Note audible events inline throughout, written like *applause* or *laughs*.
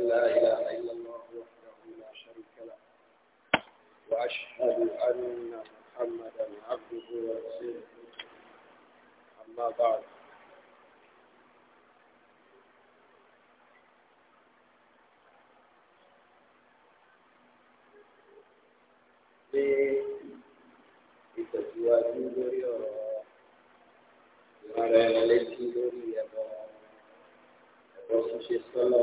أن لا إله إلا الله وحده لا شريك له وأشهد أن محمدا عبده ورسوله أما بعد ìtẹ̀síwájú lórí ọ̀rọ̀ ìrànlọ́wọ́ létí lórí ẹ̀bọ ẹ̀bọ ṣíṣe sọ́lá.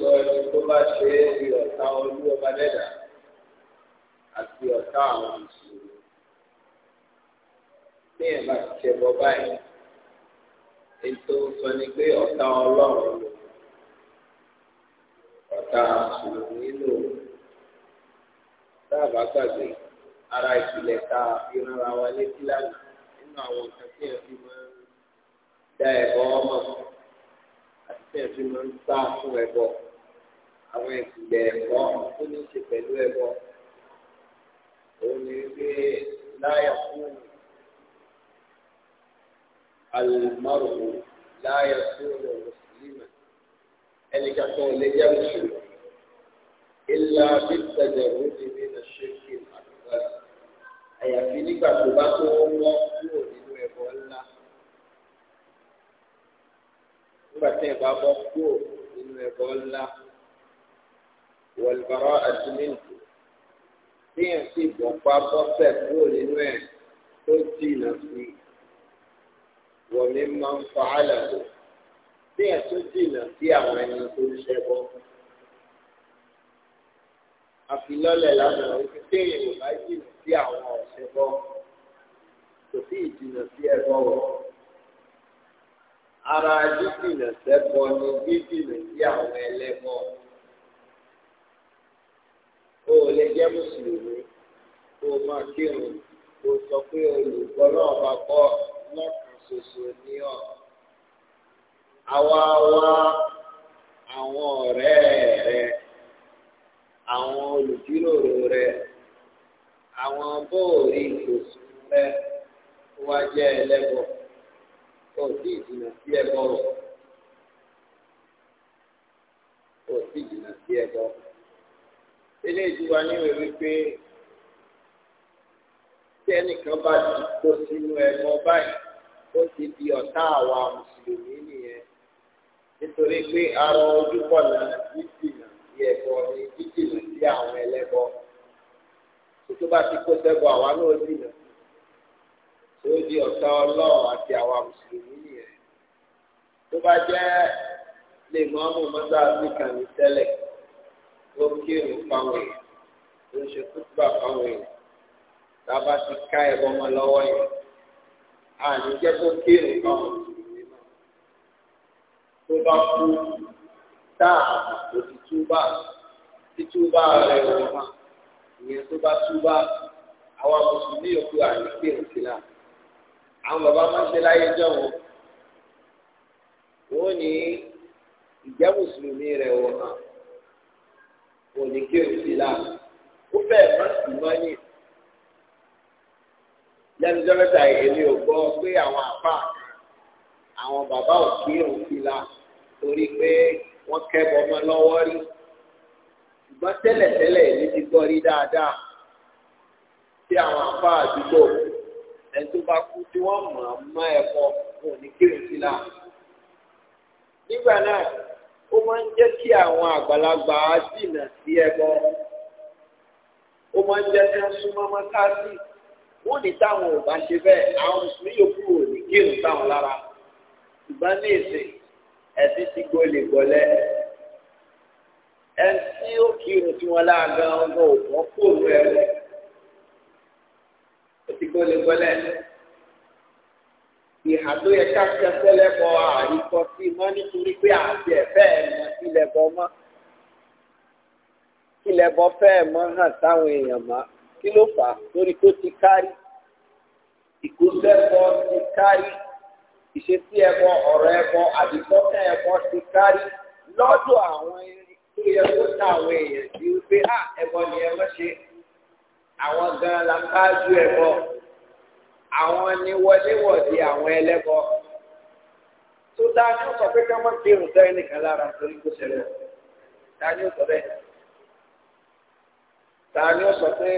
sọ ẹni tó bá ṣe é di ọ̀tá olú ọba dẹ́dà àti ọ̀tá àwọn ìṣòro. Bí ẹ̀ bá ti ṣe bọ́ báyìí, ètò sọ ni pé ọ̀tá ọlọ́run lò, ọ̀tá ìṣòro nílò. Dáàbà gbàgbé ara ìpìlẹ̀ ta ìrora wa létí lánàá nínú àwọn nǹkan tí ẹ̀ fi máa ń dá ẹ̀bọ ọmọ àti tí ẹ̀ fi máa ń sá fún ẹ̀bọ àwọn ìpìlẹ̀ ẹ̀kọ́ tó ní ṣe pẹ̀lú ẹ̀kọ́ òun ni wípé láyà fún alùmọ́rùn láyà fún mùsùlùmí ẹnì kankan ò lè jẹ́ mùsùlùmí ilà bí tẹ̀lé òun ti ní ní ṣéèkì àdúgbò àyàfi nígbà tó bá tó wọ́n kúrò nínú ẹ̀kọ́ ńlá nígbà tí ẹ̀ bá bọ́ kúrò nínú ẹ̀kọ́ ńlá. والبراءة منه téèyàn sì bọ́ pa bọ́sẹ̀ kúrò nínú ẹ̀ tó jìnnà sí i wọ̀mí máa ń fa àlàbò téèyàn tó jìnnà sí àwọn ẹni tó ń ṣẹbọ. àfilọ́lẹ̀ lánàá wípé téèyàn ò bá jìnnà sí àwọn ọ̀ṣẹbọ kò sí ìjìnnà sí ẹbọ wọ̀. ara jíjìnnà sẹ́bọ ni jíjìnnà sí àwọn ẹlẹ́bọ. o lè jẹ́ mùsùlùmí o máa kírun o sọ pé olùkọ́ náà bá kọ́ lọ́kàn ṣoṣo ní ọ̀. àwa wá àwọn ọ̀rẹ́ rẹ àwọn olùjíròrò rẹ àwọn bóòrí ìfòsùn rẹ wá jẹ́ ẹlẹ́bọ̀ o sì sí ẹbọ o sí eléyìí ti wá níwèé wípé tí ẹnìkan bá ti kó sínú ẹ̀gbọ́n báyìí ó ti di ọ̀tá àwa mùsùlùmí nìyẹn nítorí pé ara ojúbọ náà jíjìnà sí ẹbọ ni jíjìnà sí àwọn ẹlẹ́bọ tó bá ti kó sẹbọ àwa náà jìnà tó di ọ̀tá Ọlọ́run àti àwa mùsùlùmí nìyẹn tó bá jẹ́ lè mọ ọmọ mọta àfíríkà ní tẹ́lẹ̀ ló kírun fáwọn èèyàn ló ń ṣe kúkúbà fáwọn èèyàn tába ti ká ẹ̀bọ ọmọ lọ́wọ́ yẹn àní jẹ́ kó kírun fáwọn mùsùlùmí náà tó bá kú táà kò ti túbà títúbà rẹ̀ wọ̀ ma ìyẹn tó bá túbà àwọn mùsùlùmí yòókù àní kírun sí náà àwọn bàbá máa ń ṣe láyé jọ̀wọ́ wọ́n ní ìjẹ́ mùsùlùmí rẹ̀ wọ̀ hàn òní kí o sí la ó bẹ́ẹ̀ má sì má yìn lẹ́nu dọ́kítà èmi ò gbọ́ pé àwọn àpá àwọn bàbá ò kí òun sí la torí pé wọ́n kẹ́bọ ọmọ lọ́wọ́ rí ṣùgbọ́n tẹ́lẹ̀tẹ́lẹ̀ èmi ti gbọ́ rí dáadáa tí àwọn àpá àdúgbò ẹni tó bá kú tí wọ́n mọ̀ ọ́n mọ́ ẹ̀kọ́ òní kí o sí la nígbà náà ó máa ń jẹ́ kí àwọn àgbàlagbà á jìnà sí ẹbọ ó máa ń jẹ́ kí wọ́n súnmọ́ mọ́sáàsì wọ́n ní táwọn ò bá ṣe bẹ́ẹ̀ àwọn mùsùlùmí yòókù ò ní kírun táwọn lára ṣùgbọ́n ní ìsìn ẹ̀sìn ti gbolè gbọ́lẹ́ ẹni tí ó kírun tí wọ́n láàgán ọgbọ́n òkú òru ẹ̀rọ ó ti gbolè gbọ́lẹ́ ìhà tó yẹ ká kẹsẹ́ lẹ́bọ̀ àríkọ sí mọ́ nítorí pé àti ẹ̀fẹ́ ẹ̀mọ́ sílẹ̀ bọ́ mọ́ sílẹ̀ bọ́ fẹ́ mọ́ hàn sáwọn èèyàn mọ́ kí ló fà á lórí tó ti kárí ìkóṣẹ́bọ ti kárí ìṣesí ẹbọ ọ̀rọ̀ ẹbọ àdìsọ́kẹ́ ẹbọ ti kárí lọ́dọ̀ àwọn tó yẹ kó ta àwọn èèyàn sí wípé ẹbọ ni ẹ mọ́ ṣe àwọn gan-an la káájú ẹbọ àwọn ni wọléwọ̀de àwọn ẹlẹ́bọ tó dáa ní ọ̀sán pé ká má fi irun sẹ́yìn nìkan lára torí kó ṣẹlẹ̀ dáa ní ọ̀sán bẹ́ẹ̀ dáa ní ọ̀sán pé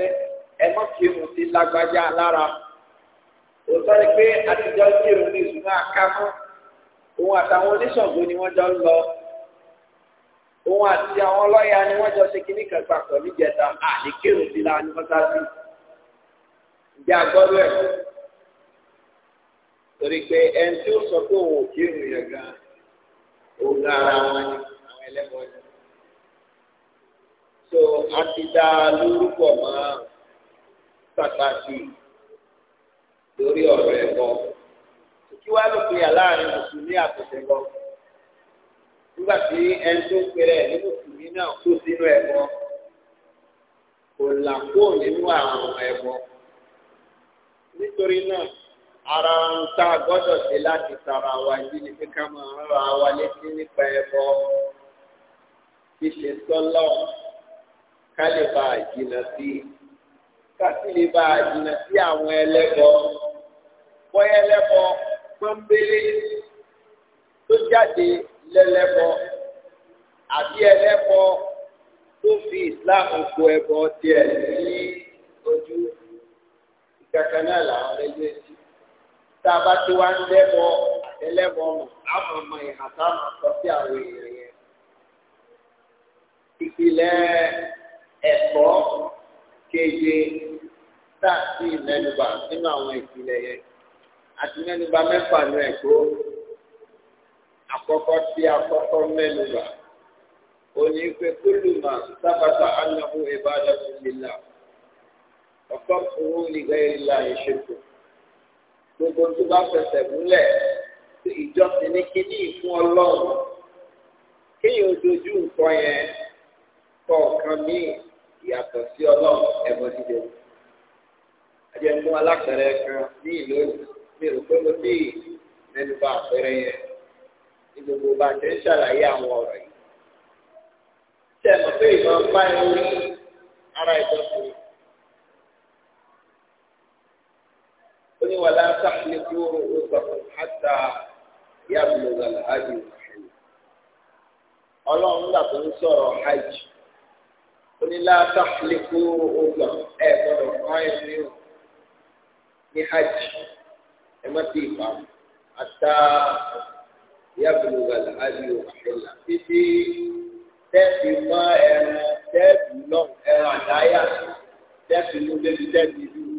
ẹ má fi irun sí lágbájá lára òótọ́ ni pé àtijọ́ sí irun ní ìṣúná akámọ́ òun àtàwọn oníṣàngó ni wọ́n jọ ń lọ òun àti àwọn ọlọ́yà ni wọ́n jọ ṣe kíní kan papọ̀ níjẹta àní kírun sí la ní mọ́tàsí ìjà gbọ́dọ̀ ẹ̀ torí pé ẹni tí ó sọ pé òun ò kí ìrìn yẹn gan òun ara wọn ni àwọn ẹlẹ́bọ̀ ni so a ti dá lórúkọ mọ́ pàtàkì lórí ọ̀rọ̀ ẹ̀kọ́ kí wàá ló pe àláàrin mùsùlùmí àtẹ̀tẹ̀ lọ nígbà tí ẹni tó pèrè ní mùsùlùmí náà kó sínú ẹ̀kọ́ kò là kó nínú àwọn ẹ̀kọ́ nítorí náà ara ń tá a gbọ́dọ̀ ṣe láti tara wa yìí ni pé ká máa rárá wa létí nípa ẹbọ ṣíṣe sọ́lọ̀ ká lè bá a jìnnà sí i ká sì lè bá a jìnnà sí àwọn ẹlẹ́bọ bóyá ẹlẹ́bọ pọ́nbélé tó jáde lẹ́lẹ́bọ àbí ẹlẹ́bọ tó fi Islam kó ẹbọ tiẹ̀ ní ojú ìkàkànnà làwọn méjèèjì tá a bá ti wá ń lẹ́bọ àtẹlẹ́bọ mọ̀ àwọn ọmọ ìhà táwọn sọ sí àwọn èèyàn yẹn. ìpìlẹ̀ ẹ̀kọ́ keje tá a sì mẹ́nuba nínú àwọn ìpìlẹ̀ yẹn àti mẹ́nuba mẹ́fà ní ẹ̀kọ́ àkọ́kọ́ tí àkọ́kọ́ mẹ́nuba òní pé kúlùmọ̀ sábàtà ánàbù ìbádàtú lílà ọ̀pọ̀ òun nìgbà yìí là ń gbogbo tó bá fẹsẹ̀ múlẹ̀ sí ìjọsìn ní kíní fún ọlọ́run kéèyàn dojú nǹkan yẹn kọ̀ọ̀kan míì ìyàtọ̀ sí ọlọ́run ẹ̀bọ dídé ẹjẹ fún alápẹ̀rẹ̀ kan ní ìlú mi rò pé mo ní mẹ́nu bá àpẹẹrẹ yẹn ní gbogbo bá ti ń ṣàlàyé àwọn ọ̀rọ̀ yìí tẹ̀ mọ̀ pé ìmọ̀ ń bá ẹni ara ìjọsìn ní wàlá sáfìlì tó rò ó sọ̀rọ̀ hátà yàgùn lọ́la hajj mọ̀ṣẹ́lẹ̀. ọlọ́run nígbà tó ń sọ̀rọ̀ hajj onílà sáfìlì tó rò ó gbà ẹ̀ gbọ́dọ̀ fún ẹ̀ ní o ní hajj ẹ̀ má ti ìfà hátà yàgùn lọ́la hajj mọ̀ṣẹ́lẹ̀ títí tẹ́ẹ̀fì mọ́ ẹran tẹ́ẹ̀fì lọ́ọ̀ ẹran àdáyà tẹ́ẹ̀fì ló débi tẹ́ẹ̀fì dúró.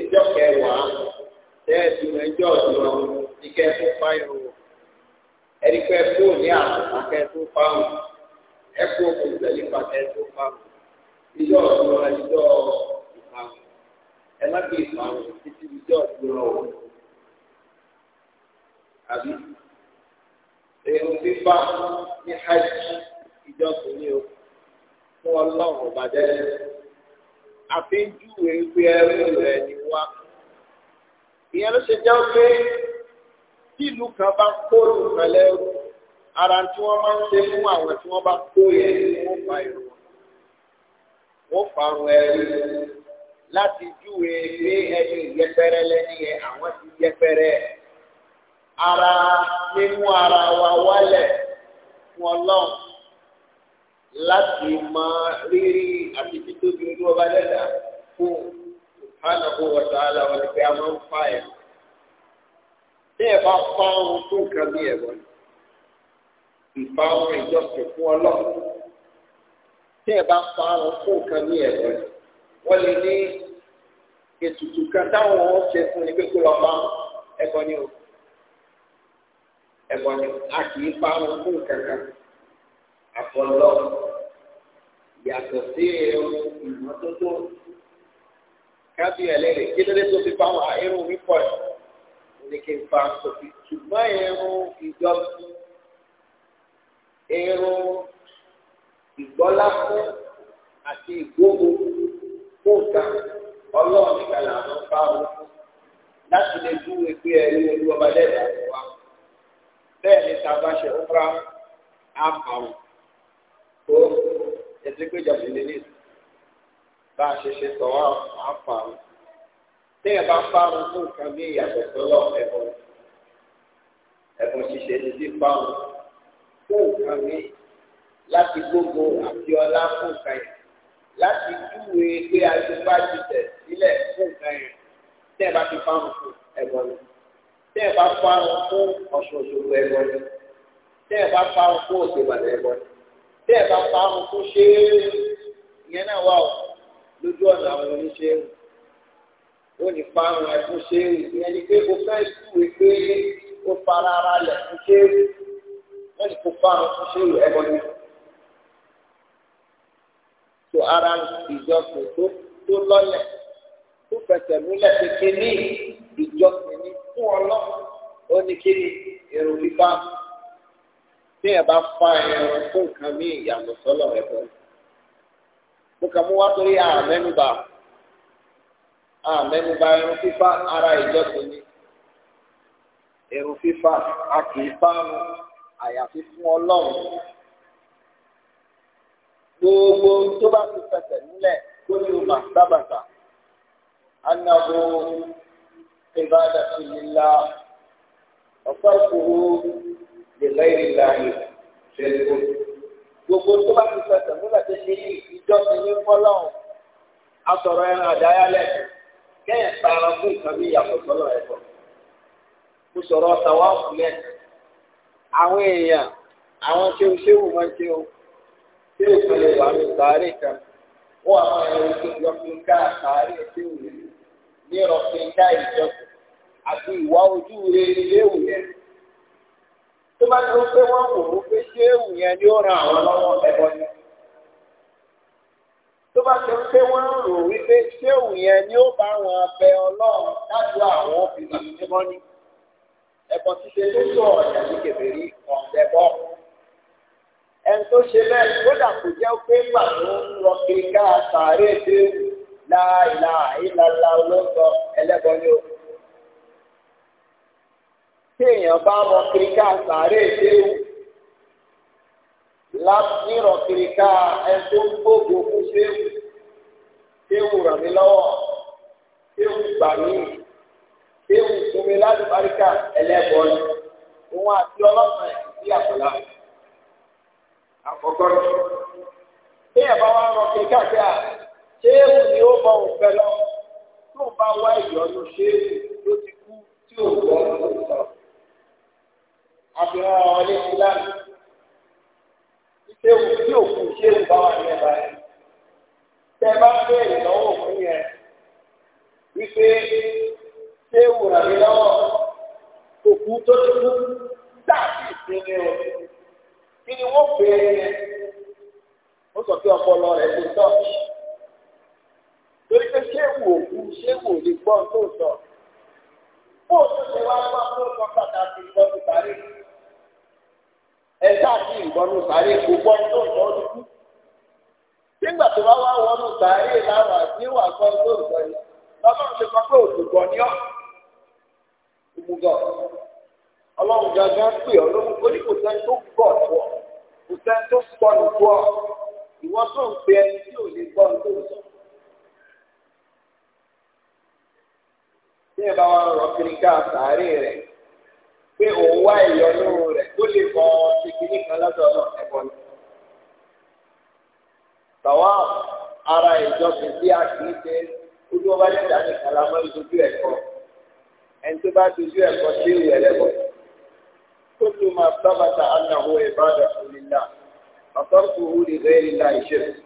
ìjọ kẹwàá tẹ́ẹ̀tù ẹjọ́ ọ̀dọ́ ní kẹ́ẹ̀tù fáyọ̀ ẹni pẹ́ kó ní àtúntà kẹ́ẹ̀tù fáwọn ẹ̀kú òkú tẹ̀lé pa kẹ́ẹ̀tù fáwọn ìjọ ìjọ títí ìjọ àbí èrò fífa ní hajj ìjọ kò ní o fún ọlọ́run àfẹ́júwe pé ẹrú rẹ̀ ni wá. ìyẹn ló ṣe jẹ́ pé tí ìlú kan bá kó nǹkan lẹ́rú ara tí wọ́n máa ń ṣe fún àwọn tí wọ́n bá kó yẹn ni wọ́n fa irun wọ́n farun ẹrú láti júwe pé ẹni yẹpẹrẹ lẹ́ni yẹn àwọn ti yẹpẹrẹ ara nínú ara wa wálẹ̀ fún ọlọ́run láti mọ rírì àti tóbi olú ọba lẹ́dà fún ìfànà fún wọ̀tá àlà wọn ni pé a máa ń fa ẹ̀. Bí ẹ bá fa ohun fún nǹkan bí ẹ̀wọ̀ ìfa ohun ìjọsìn fún ọlọ́run. Bí ẹ bá fa ohun fún nǹkan bí ẹ̀wọ̀ wọ́n lè ní ètùtù kan táwọn ọ̀ ṣe fún ni pé kó lọ fa ẹ̀bọ ni o. Ẹ̀bọ ni a kì í fa ohun fún nǹkan kan. Àfọlọ́run yàtọ̀ sí ìmọ́tótó kábí ẹlẹ́rìí kí lóde tó fi fa àwọn irun mi pọ̀ ẹ̀ ní kí n fa sọ̀fi ṣùgbọ́n irun ìjọ irun ìgbọ́lá fún àti ìgbógun fún nǹkan ọlọ́run nìkan là ń fa òun láti lè dúró pé ẹ̀rí olú ọba dẹ́gbà wá bẹ́ẹ̀ ni tá a bá ṣe ń fa àpàwọn sí pé jáde lé ní bá a ṣe ṣe sọ wá á fà á tí ẹ bá fárun fún nǹkan bí ìyàtọ̀ sọ́lọ́ ẹ̀bùn ẹ̀bùn ṣíṣe ni bí fárun fún nǹkan bí láti gbogbo àti ọlá fún nǹkan yẹn láti júwe pé àjùbá ti tẹ̀ sílẹ̀ fún nǹkan yẹn tí ẹ bá ti fárun fún ẹ̀bùn ni tí ẹ bá fárun fún ọ̀ṣọ̀ṣọ̀rọ̀ ẹ̀bùn ni tí ẹ bá fárun fún òṣèlú ẹ̀bùn ni tẹ́ ẹ̀ bá pa àwọn kó ṣe é ìyẹn náà wà ó lójú ọ̀nà àwọn oníṣẹ́ ó ní pa àwọn ẹ̀kún ṣe é ìyẹn ni pé o fẹ́ ìkúwe pé ó fara ara lẹ̀ fún ṣe é wọ́n ní kó pa àwọn kó ṣe é ẹ̀kọ́ ni. tó ara ìjọsìn tó lọ́lẹ̀ tó fẹsẹ̀ múlẹ̀ kékeré ìjọsìn ní fún ọlọ́run ó ní kí ni èrò fífa tí ẹ bá fa ẹran fún nǹkan mí ìyàtọ̀ sọ́lọ̀ rẹ bọ́. mo kàn mú wá torí àmẹ́nubà àmẹ́nubà ẹran fífa ara ìjọsìn ni ẹran fífa a kì í fáwọn àyàfi fún ọlọ́run gbogbo tó bá ti fẹsẹ̀ nílẹ̀ lórí ọmọ sábàtà anahu ibadatu lillah ọ̀pọ̀ ìfowó. lẹ́yìn iri ṣẹ́gun. Gbogbo tó bá ti fẹsẹ̀ múlẹ̀ tó ṣe yí ìjọsìn ní fọ́lọ́hùn. Asọ̀rọ̀ ẹran àdáyálẹ̀ kẹ́yìn tààrà fún bí ìyàtọ̀ sọ́lọ̀ sọ̀rọ̀ fúnlẹ̀. Àwọn èèyàn àwọn tí ṣe o. Ṣé o wà ní sàárè kan? Wọ́n àwọn ẹ̀rọ tó yọ fi ká sàárè tí ò Ní ìrọ̀fin tó bá tó pé wọ́n wò ó pé ṣéwù yẹn ni ó ran àwọn lọ́wọ́ ẹ̀bọ ni tó bá tó pé wọ́n rò wípé ṣéwù yẹn ni ó bá wọn bẹ ọlọ́run láti àwọn ìgbà mímọ́ ni ẹ̀bọ ṣíṣe tó sọ ọ̀yà ní kèbèrè ọ̀dẹ̀bọ̀ ẹni tó ṣe bẹ́ẹ̀ kódà kò jẹ́ pé pàtó ń lọ kiri ká sàárè dé láìláìlá ló sọ ẹlẹ́bọ ni o téèyàn bá mọ kíríkà sàárè déwù nírọ̀ kíríkà ẹni tó ń gbógun fún séwù séwù ràn mí lọ́wọ́ séwù gbà mí séwù fún mi lálùbáríkà ẹlẹ́bọ ni òun àti ọlọ́sàn ẹ̀ sí àpọ̀lá àkọ́kọ́ rẹ̀ téèyàn bá wá rọ kíríkà sí à séwù ni ó bọ̀ òun fẹ́ lọ tó ń bá wá ìyọnu séwù ló ti kú tí òun bọ̀ òun àfihàn àwọn ilé ìlànà ìṣéwù tí òkú ìṣéwù bá wà ní ẹ̀bá yẹn tẹ bá ń béèrè lọ́wọ́ òkú yẹn wípé ṣéwù rà mí lọ́wọ́ òkú tó ti kú dàbí ìsinmi o kí ni wọ́n pè é yẹn ó sọ pé ọpọlọ rẹ̀ ti tọ́ torí pé ṣéwù òkú ṣéwù ò lè gbọ́ tó sọ bóòtú ṣe wá gbọ́ tó sọ pàtàkì lọ́sibárì. ẹ̀ka àti ìgbọ́nù sáré kò gbọ́ tó ń tọ́ dúdú. nígbà tó bá wá wọnú sáré láwà níwà gbọ́ tó ń tọ́ yìí lọ́lọ́run ti sọ pé òṣùgbọ́ ni ọlọ́run gangan pè ọ́ kò sẹ́ni tó tó kò sẹ́ni pé òun wá ìyọnu rẹ̀ tó lè mọ ìkíní kan lọ́dọ̀ náà ẹ̀kọ́ ni. Tàwa ara ìjọsìn tí a kì í ṣe ojú ọba dídá ní kàlámọ́ ìdojú ẹ̀kọ́. Ẹni tó bá dojú ẹ̀kọ́ sí ìwé ẹlẹ́bọ̀. Tó tún máa sábàtà ànáwó ìbádà òlìlà. Àtọ́kù òwúrì rẹ̀ ìlà ìṣẹ̀lẹ̀.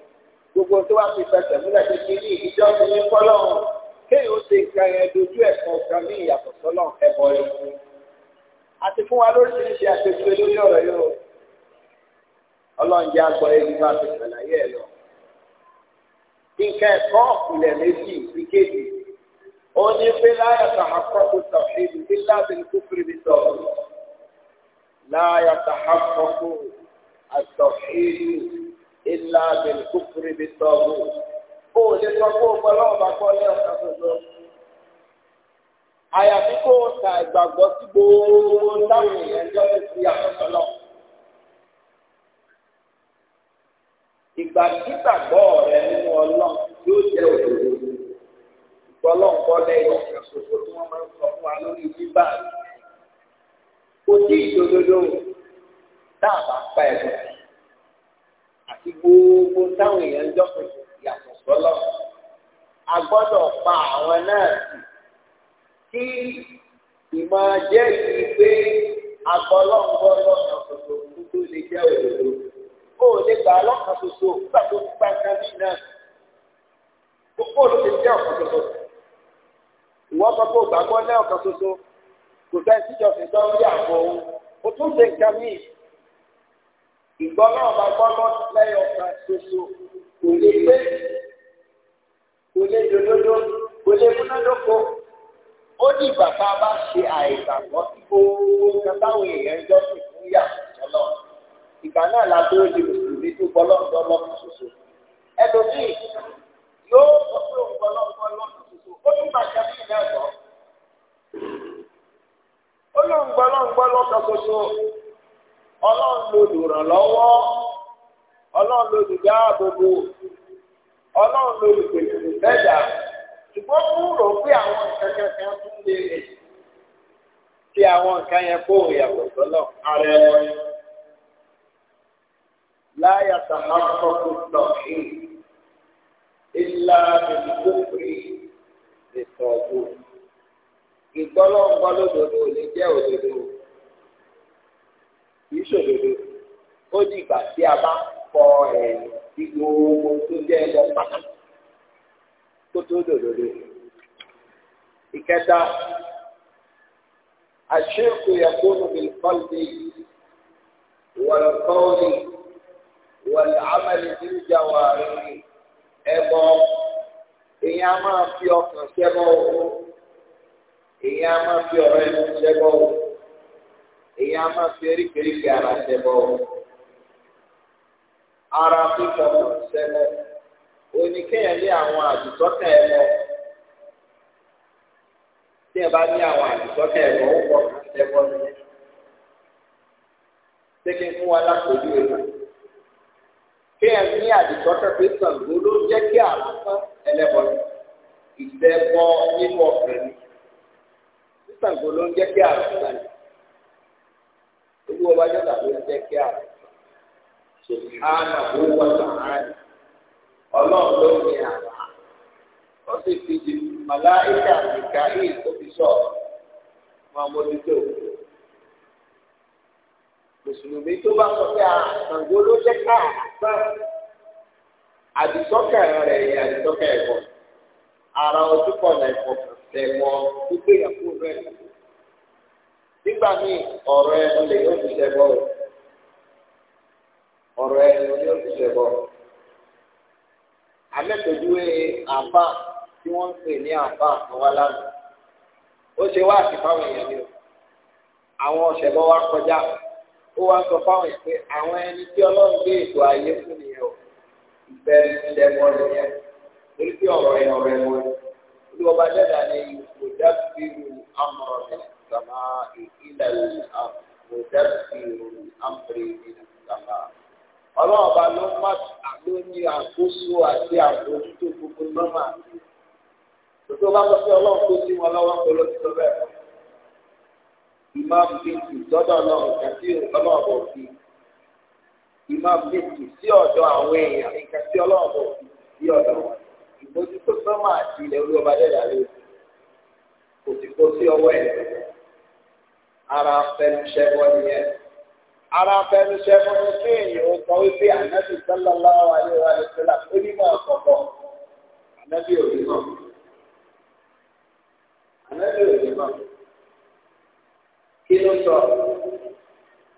Gbogbo tó wá fi fẹsẹ̀ múlẹ̀ tó ti ní ìjọ kéèyàn ó ṣe nǹkan yẹn dojú ẹ̀kọ́ kan ní ìyàtọ̀ sọ́lọ̀ ẹ̀bọ̀ ẹ̀kọ́ àti fún wa lóríṣiríṣi àtẹ̀síwé lórí ọ̀rọ̀ yìí o ọlọ́run jẹ́ àgbọ̀ ẹni bá ti ṣàlàyé ẹ̀ lọ. nǹkan ẹ̀kọ́ ìpìlẹ̀ méjì ìkéde ó ní pé láyà tàhákọ́kù tàfíìlì bí lábìlì kúfìrì bí sọ̀rọ̀ láyà tàhákọ́kù àtọ̀fíìlì ìlàbìlì kúfìrì bí sọ̀rọ̀ ó lè sọ fún ọgbọ́n lọ́wọ́ bá kọ́ ní ọ̀sán tó lọ́wọ́. àyàfi kó o ta ìgbàgbọ́ sí gbogbo táwọn èèyàn jọ ń fi rẹ nínú ọlọ́run yóò jẹ́ òdodo ìgbọ́lọ́ǹkọ́ lẹ́yìn ọ̀sẹ̀ tí wọ́n máa ń sọ fún wa lórí bíbá kò dáàbà pa àti gbogbo pa àwọn náà kí ìmọ̀ jẹ́ ìdí pé agbọ́lọ́ngbọ́ lọ́nà ṣoṣo kú tó lè jẹ́ òdodo. Ó lè gbà lọ́nà ṣoṣo nígbà tó ti pàṣẹ mí náà. Kókó ló ti jẹ́ ọ̀kan ṣoṣo. Ìwọ́n sọ pé ògbàgbọ́ ní ọ̀kan ṣoṣo. Kò fẹ́ síjọ fi tán rí àpò òun. O tún ṣe nǹkan míì. Ìgbọ́ náà bá gbọ́ lọ lẹ́yìn ọ̀kan ṣoṣo. Kò lè gbé. Kò lè dòdòdò. Kò lè múnádóko. ó ní ìgbà a bá ṣe àìgbàgbọ́ tí gbogbo nǹkan èèyàn jọ sì fún yà ìgbà náà la di mùsùlùmí tó lọ́dún ṣoṣo ẹlòmíì yóò sọ pé òun lọ́dún ṣoṣo ó ó lóun gbọ́ lọ́dún ṣoṣo ọlọ́run ọlọ́run ọlọ́run ṣùgbọ́n mú rò pé àwọn nǹkan kankan tún lè rè tí àwọn nǹkan yẹn kó ìyàwó sọ́lọ̀ ara ẹ̀wọ̀n láyà tàbátọ́kù tọ̀kì ìlà ìdókòrè ìtọ́jú ìgbọ́lọ́ngbọ́ lódodo lè jẹ́ òdodo kìí ṣòdodo ó dìgbà tí a bá kọ ẹ̀yìn tí gbogbo tó jẹ́ ẹ̀dọ́ pàtàkì kó tó dòdòdò ìkẹta àṣírkù yakunu bilqalbi walqawli wal'amali biljawarihi ẹbọ èèyàn a máa fi ọkàn ṣẹbọ o èèyàn a máa fi ọ̀rọ̀ ẹnu ṣẹbọ o èèyàn a máa fi eríkèéríkèé ara ṣẹbọ o ara fífọkàn ṣẹbọ òní kéèyàn lé àwọn àdùtọ́tẹ̀ ẹ lọ tí ẹ bá ní àwọn àdùtọ́tẹ̀ ẹ lọ ó pọ̀ kàn tẹ́wọ́ ní ṣéke fún wa lápòjú ìlú kéèyàn ní àdùtọ́tẹ̀ pé Ṣàngó ló jẹ́ kí àrùn fún ẹlẹ́bọn ìṣẹ́bọ nínú ọkùnrin ní Ṣàngó ló ń jẹ́ kí àrùn fún ẹlẹ́bọn olúwo tàbí ń jẹ́ ọlọ́run ló ní àná ó sì fi di màláìkà nìka yìí tó fi sọ wọn mójútó mùsùlùmí tó bá sọ pé àtàngó ló jẹ ká àtàn rẹ̀ yẹ àdìsọ́kẹ̀ ẹ̀kọ́ ara ojú kọ̀ náà ẹ̀kọ́ nígbà míì lè yóò fi lè yóò fi amẹ́tọ̀júwe àbá tí wọ́n ń pè ní àbá àtọwá lánàá ó ṣe wá àti fáwọn èèyàn ni o àwọn ọ̀ṣẹ̀bọ wa kọjá ó wá sọ fáwọn èèyàn pé àwọn ẹni tí ọlọ́run gbé ètò ayé fún nìyẹn o ìbẹ̀rù ilẹ̀ wọn nìyẹn torí pé ọ̀rọ̀ yẹn ọ̀rọ̀ yẹn wọn ni wọ́n bá dẹ́dà ní kò dábìrù amọ̀rọ̀ ní sàmá ìlẹ̀ àpò dábìrù amọ̀rẹ̀ ní sàmá ọlọ́run bá ló má ló ní àkóso àti àbójútó gbogbo nọ́mà tó bá sọ pé ọlọ́run tó sí wọn lọ́wọ́ pé ló ti sọ bẹ́ẹ̀ ìmáàmù bíntì lọ́dọ̀ ọlọ́run kàtí ọlọ́run bọ̀ fi ìmáàmù bíntì sí ọ̀dọ̀ àwọn èèyàn kàtí ọlọ́run bọ̀ fi sí ọ̀dọ̀ wọn ìbójútó nọ́mà àti ilẹ̀ orí ọba dẹ́dà lé kò sí kó sí ọwọ́ ẹ̀ ara fẹ́ ṣẹ́gbọ́n nìyẹn ara abẹnusẹ fún kí èèyàn kan wípé ànábì sallallahu alaihi wa sallam onímọ̀ ọ̀kọ̀ọ̀kọ̀ ànábì òdìmọ̀ ànábì òdìmọ̀ kí ló sọ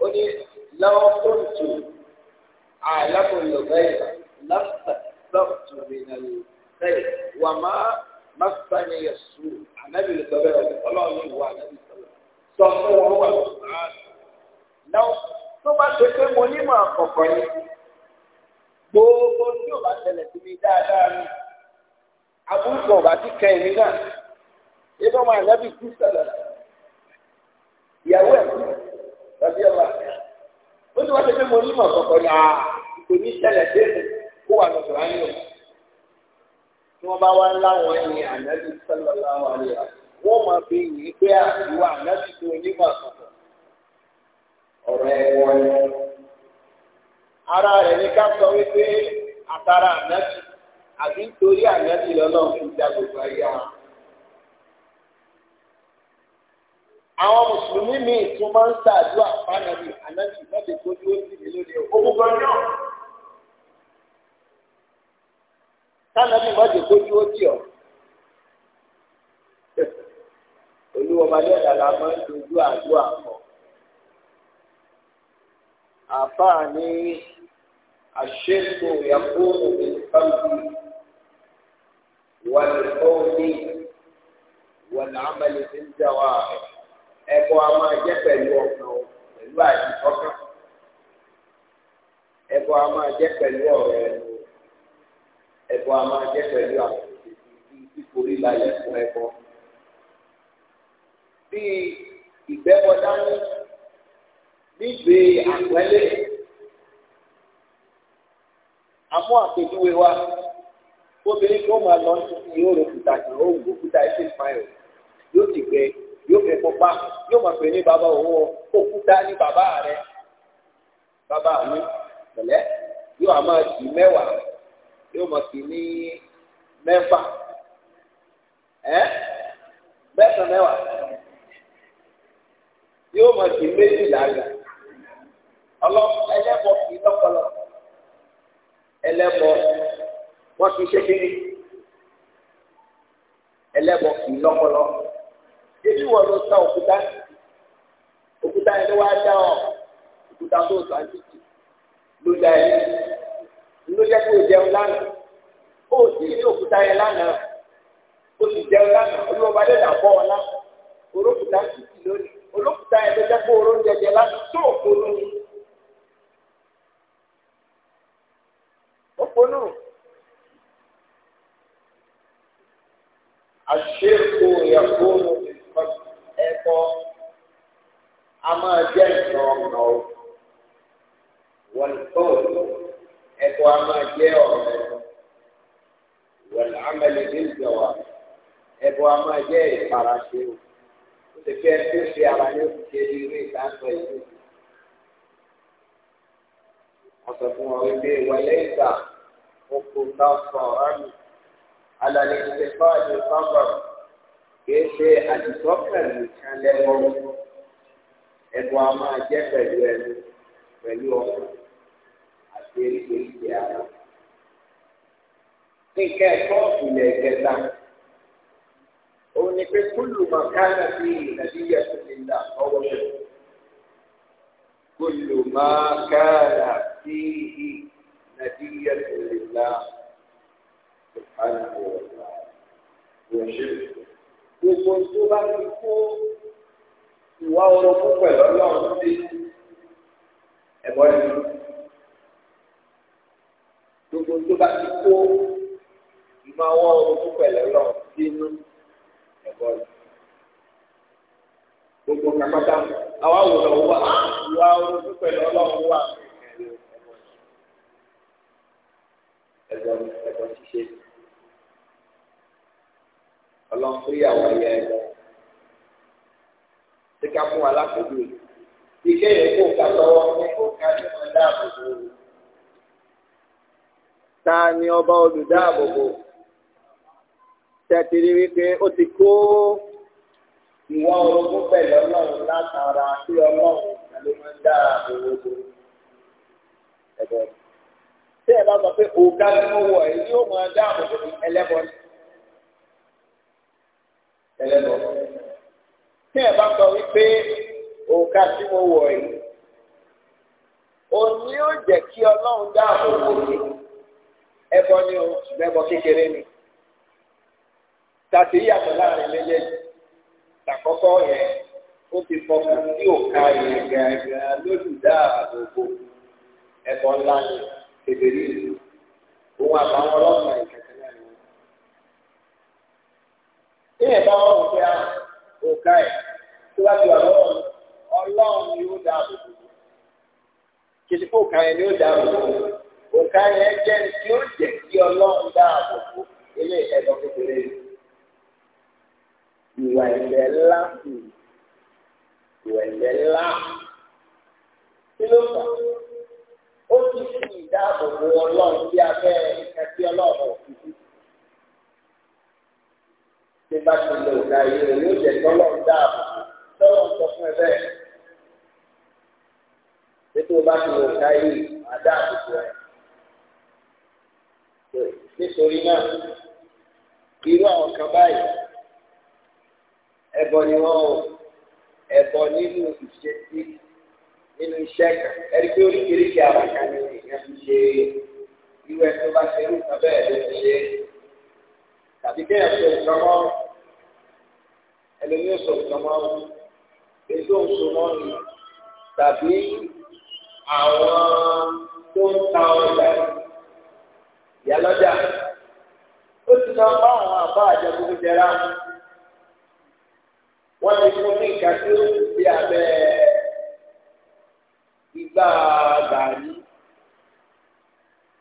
ó ní lọ́wọ́ tó ń tù àlákòlò bẹ́ẹ̀ lọ́sẹ̀ lọ́tù nínú bẹ́ẹ̀ wà má mọ́sánì yẹ̀sù ànábì lọ́sọ̀ bẹ́ẹ̀ ọlọ́run ìwà ànábì sọ̀rọ̀ sọ fún wọn wà lọ́wọ́ tó bá ṣe pé mo nímọ̀ àkọ́kọ́ yìí gbogbo tí ò bá ṣẹlẹ̀ sí mi dáadáa ni abúlùkọ̀ bá ti kẹ́ ẹ̀mí náà ebi ọmọ ànábì kú sẹlẹ̀ ìyàwó ẹ̀ kú tàbí ọba ó ti wá ṣe pé mo nímọ̀ àkọ́kọ́ yìí àà kò ní ṣẹlẹ̀ dé kó wà lọ́sọ̀rọ̀ ayé o tí wọ́n bá wá láwọn ẹ̀yìn ànábì sẹlẹ̀ láwọn àlè wọ́n máa fi yìí pé àdúrà ọ̀rọ̀ ẹ̀wọ̀ ni. ara rẹ̀ ní ká sọ wípé àtàrà ànábì àbí nítorí ànábì lọ́lọ́run fi dá gbogbo ayé wa. àwọn mùsùlùmí míì tún máa ń ṣàdúrà fánàbì ànábì lọ́dẹ tó dúró sí mi lóde òkúkọ náà. sánàbì lọ́dẹ tó dúró sí ọ. olúwọ́ba lẹ́dàá la máa ń dojú àdúrà kan. أعطاني الشرك يقوم بالقلب والقول والعمل بالجوارح ẹbọ a máa jẹ pẹ̀lú ọkàn o pẹ̀lú àdìsọkàn ẹbọ a máa jẹ pẹ̀lú ọ̀rọ̀ ẹnu ẹbọ a máa jẹ pẹ̀lú àwọn ìforí lálẹ́ fún ẹbọ bíi ìgbẹ́bọdání nígbè àpẹẹlẹ àmú àpèjúwe wa obìnrin tó máa lọ sí yóò rò kúta jù ó wò kúta ẹsẹ ìpáyọ yóò ti gbẹ yóò fẹ́ pupa yóò máa pè ní bàbá òun ọ òkúta ní bàbá rẹ bàbá mi pẹ̀lẹ́ yóò máa di mẹ́wàá yóò máa di ní mẹ́fà ẹ mẹ́sàn mẹ́wàá yóò máa di méjìlá gbà. ọlọ́mọ ẹlẹ́bọ kì í lọ́pọlọ ẹlẹ́bọ ṣe kiri ẹlẹ́bọ kì í lọ́pọlọ débi wọ́n òkúta òkúta yẹn ló wá dá ọ òkúta tó sọ ló dá yẹn ló kó o jẹun lánàá sì ní òkúta yẹn lánàá sì jẹun lánàá dé lónìí yẹn ló kpono àṣekò ìyàgbọ́nù ẹ̀kọ́ ama máa jẹ́ o wọ́n tó ẹ̀kọ́ a máa jẹ́ ọ̀nà ẹ̀kọ́ wọ́n amẹ́lẹ́ ní ìjọba ẹ̀kọ́ مقتصرا على الاعتقاد فقط كيف أتفكر نحن له إبوا ما جبل وليوم أتيري بالسيارة نكاح كوفي لكذا òní pé kúlù màkánà sí ìnàdíyà tó lè là ọwọ́ rẹ̀ kúlù màkánà sí هدية لله سبحانه وتعالى وشرك gbogbo tó bá ti kó ìwà orogún pẹ̀lú ọlọ́run sí ẹ̀bọ́ ẹ̀mí gbogbo tó bá ti kó ìmọ̀ àwọn orogún pẹ̀lú ọlọ́run sí inú ẹ̀bọ́ ẹ̀mí gbogbo kàkàtà àwọn àwòrán wa ìwà orogún pẹ̀lú ọlọ́run wà. ẹ̀gbọ́n ẹ̀gbọ́n ṣíṣe ọlọ́run tó yà wá yẹ ẹ̀gbọ́n ṣé ká fún wa lákòókò ike yẹn kó ká lọ́wọ́ ní òkà ní dáàbòbò ta ni ọba olùdáàbòbò tẹ̀tìrì wípé ó ti kó ìwọ orogún pẹ̀lú ọlọ́run látara sí ọlọ́run ló dáàbòbò ẹ̀gbọ́n tẹ́ ẹ bá sọ pé òògá ni mo wọ̀ ẹ́ yóò máa dá àbùkù ẹlẹ́bọ ni ẹlẹ́bọ tẹ́ ẹ bá sọ wípé òògá tí mo wọ̀ ẹ́ òní yóò jẹ́ kí ọlọ́run dá àbùkù mi ẹbọ ni o mẹbọ kékeré ni tàbí yàtọ̀ láàrin méjèèjì tàkọ́kọ́ yẹn ó ti fọkàn sí òògá yẹn gàgà lójú dáàbò ẹbọ ńlá yẹn. Ebere òun àtàwọn ọlọ́pàá ìkẹ̀kẹ́ náà ni wọ́n. Bí ẹ̀ bá wọ́n òkà ah, ẹ̀ tó bá ti wà lọ́wọ́ ọlọ́run ni ó dáàbò bò. Kìsì fún òkà yẹn ni ó bò. Òkà yẹn jẹ́ ó jẹ́ kí ọlọ́run bò ilé tún fi ìdáàbòbò ọlọ́run sí abẹ́ ìka sí ọlọ́run òkúkú. Bí bá ti lè òkà yìí rẹ̀ yóò jẹ́ tọ́lọ́run dáàbò tọ́lọ́run sọ fún ẹ bẹ́ẹ̀. Bí tó bá ti lè òkà yìí, màá dáàbòbò ẹ̀. Nítorí náà, irú àwọn kan báyìí, ẹbọ ni wọ́n o, ẹbọ nínú ìṣesí nínú iṣẹ́ kan ẹni pé oríṣiríṣi àwọn kan ní ìyẹn ti ṣe irú ẹ tó bá ṣe irú kan bẹ́ẹ̀ ló ti ṣe tàbí kéèyàn ṣe nǹkan mọ́ ẹlòmíràn sọ nǹkan mọ́ èso oṣù mọ́ ni tàbí àwọn tó ń ta ọjà ìyálọ́jà ó ti máa bá àwọn àbá àjẹkùn jẹrà wọ́n ti fún ní ìkàtí ó ti abẹ́ ẹ̀ lítà gàrí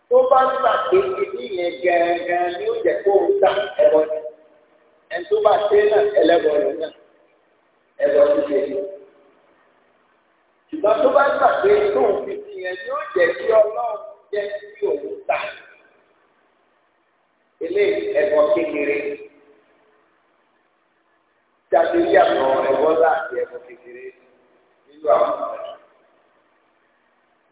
tó bá gbà pé ibi yẹn gẹ́gẹ́ ni ó jẹ́ kó ń ta ẹ̀rọ ni ẹni tó bá ṣe náà ẹlẹ́bọ̀ rẹ̀ náà ẹ̀rọ ti ṣe ni. ṣùgbọ́n tó bá gbà pé tóun fi ti yẹn ni ó jẹ́ kí ọlọ́run jẹ́ kí òun ta eléyìí ẹ̀rọ kékeré jáde yàtọ̀ ẹ̀rọ láti ẹ̀rọ kékeré nínú àwọn ọ̀rẹ́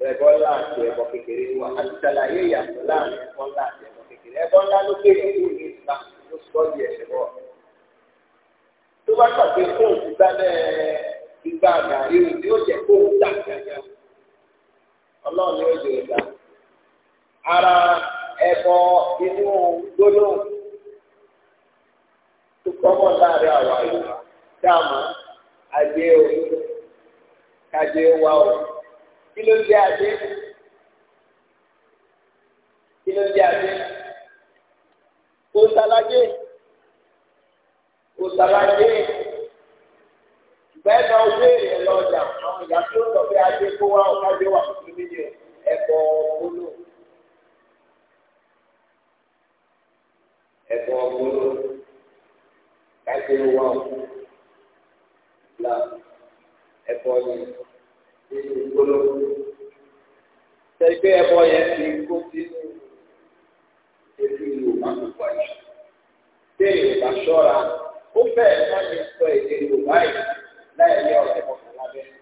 ẹbọ ńlá àti ẹbọ kékeré wa àti sàlàyé ìyàtọ̀ láàrin ẹbọ ńlá àti ẹbọ kékeré ẹbọ ńlá ló kéré kú ní ìta ló sọ di ẹsẹ̀ tó bá gbàgbé fóun ti sábẹ́ ìgbà àgbà irun tí ó jẹ fóun dà gàgà Ọlọ́run ni ó jẹ ìgbà ara ẹbọ inú gbólóhùn tó kọmọ láàrin àwa Yorùbá dáàmú àjẹ òun kájẹ wa òun kí ló dé adé kí ló dé adé òsàlàjé òsàlàjé bẹ́ẹ̀ náà wéèrè lọ́jà àwọn ìyá tó sọ pé adé kó wá ọ̀kájọ wà fún mi ní ẹ̀kọ́ ọ̀gbọ́nù. ẹ̀kọ́ ọ̀gbọ́nù kájọ wà fún mi. ẹ̀kọ́ ọ̀gbọ́nù nínú ìpolówó. Tẹ̀gbẹ́ ẹ̀bọ yẹn ti kó sínú ètò Yorùbá púpọ̀ yìí. Ṣé Yorùbá ṣọ́ra? Ó fẹ́ẹ̀ má mi sọ èdè Yorùbá yìí láì ní ọ̀sẹ̀ kọkànlá bẹ́ẹ̀.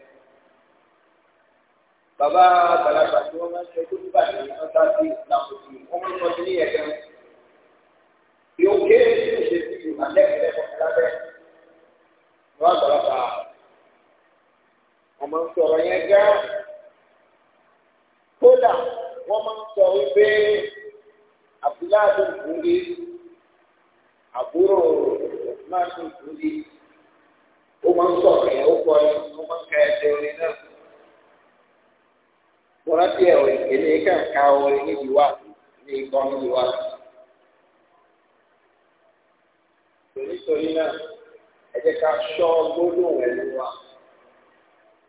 Bàbá àgbàlagbà tí wọ́n máa ń ṣe tó nígbà tí wọ́n bá sí ìlàkùnrin, wọ́n máa ń sọ sí ní ẹ̀gbẹ́. Yòókè ṣe ti Yorùbá lẹ́kẹ̀ẹ́ kọkànlá bẹ́ẹ̀. Wọ́n àgbàlagbà àmọ́ sọ̀rọ̀ yẹn gá kódà wọ́n máa ń sọ wípé abdullahi nkúri àbúrò máa ń nkúri ó máa ń sọ̀rọ̀ yẹn ó kọ́ ẹ ó máa ń ka ẹsẹ̀ orin náà mo rántí ẹ̀ orin èmi kàn orin níbi wá ní ikọ́ níbi wá. nítorí náà ẹ jẹ́ ká ṣọ́ gbólóhùn ẹ̀lú wa.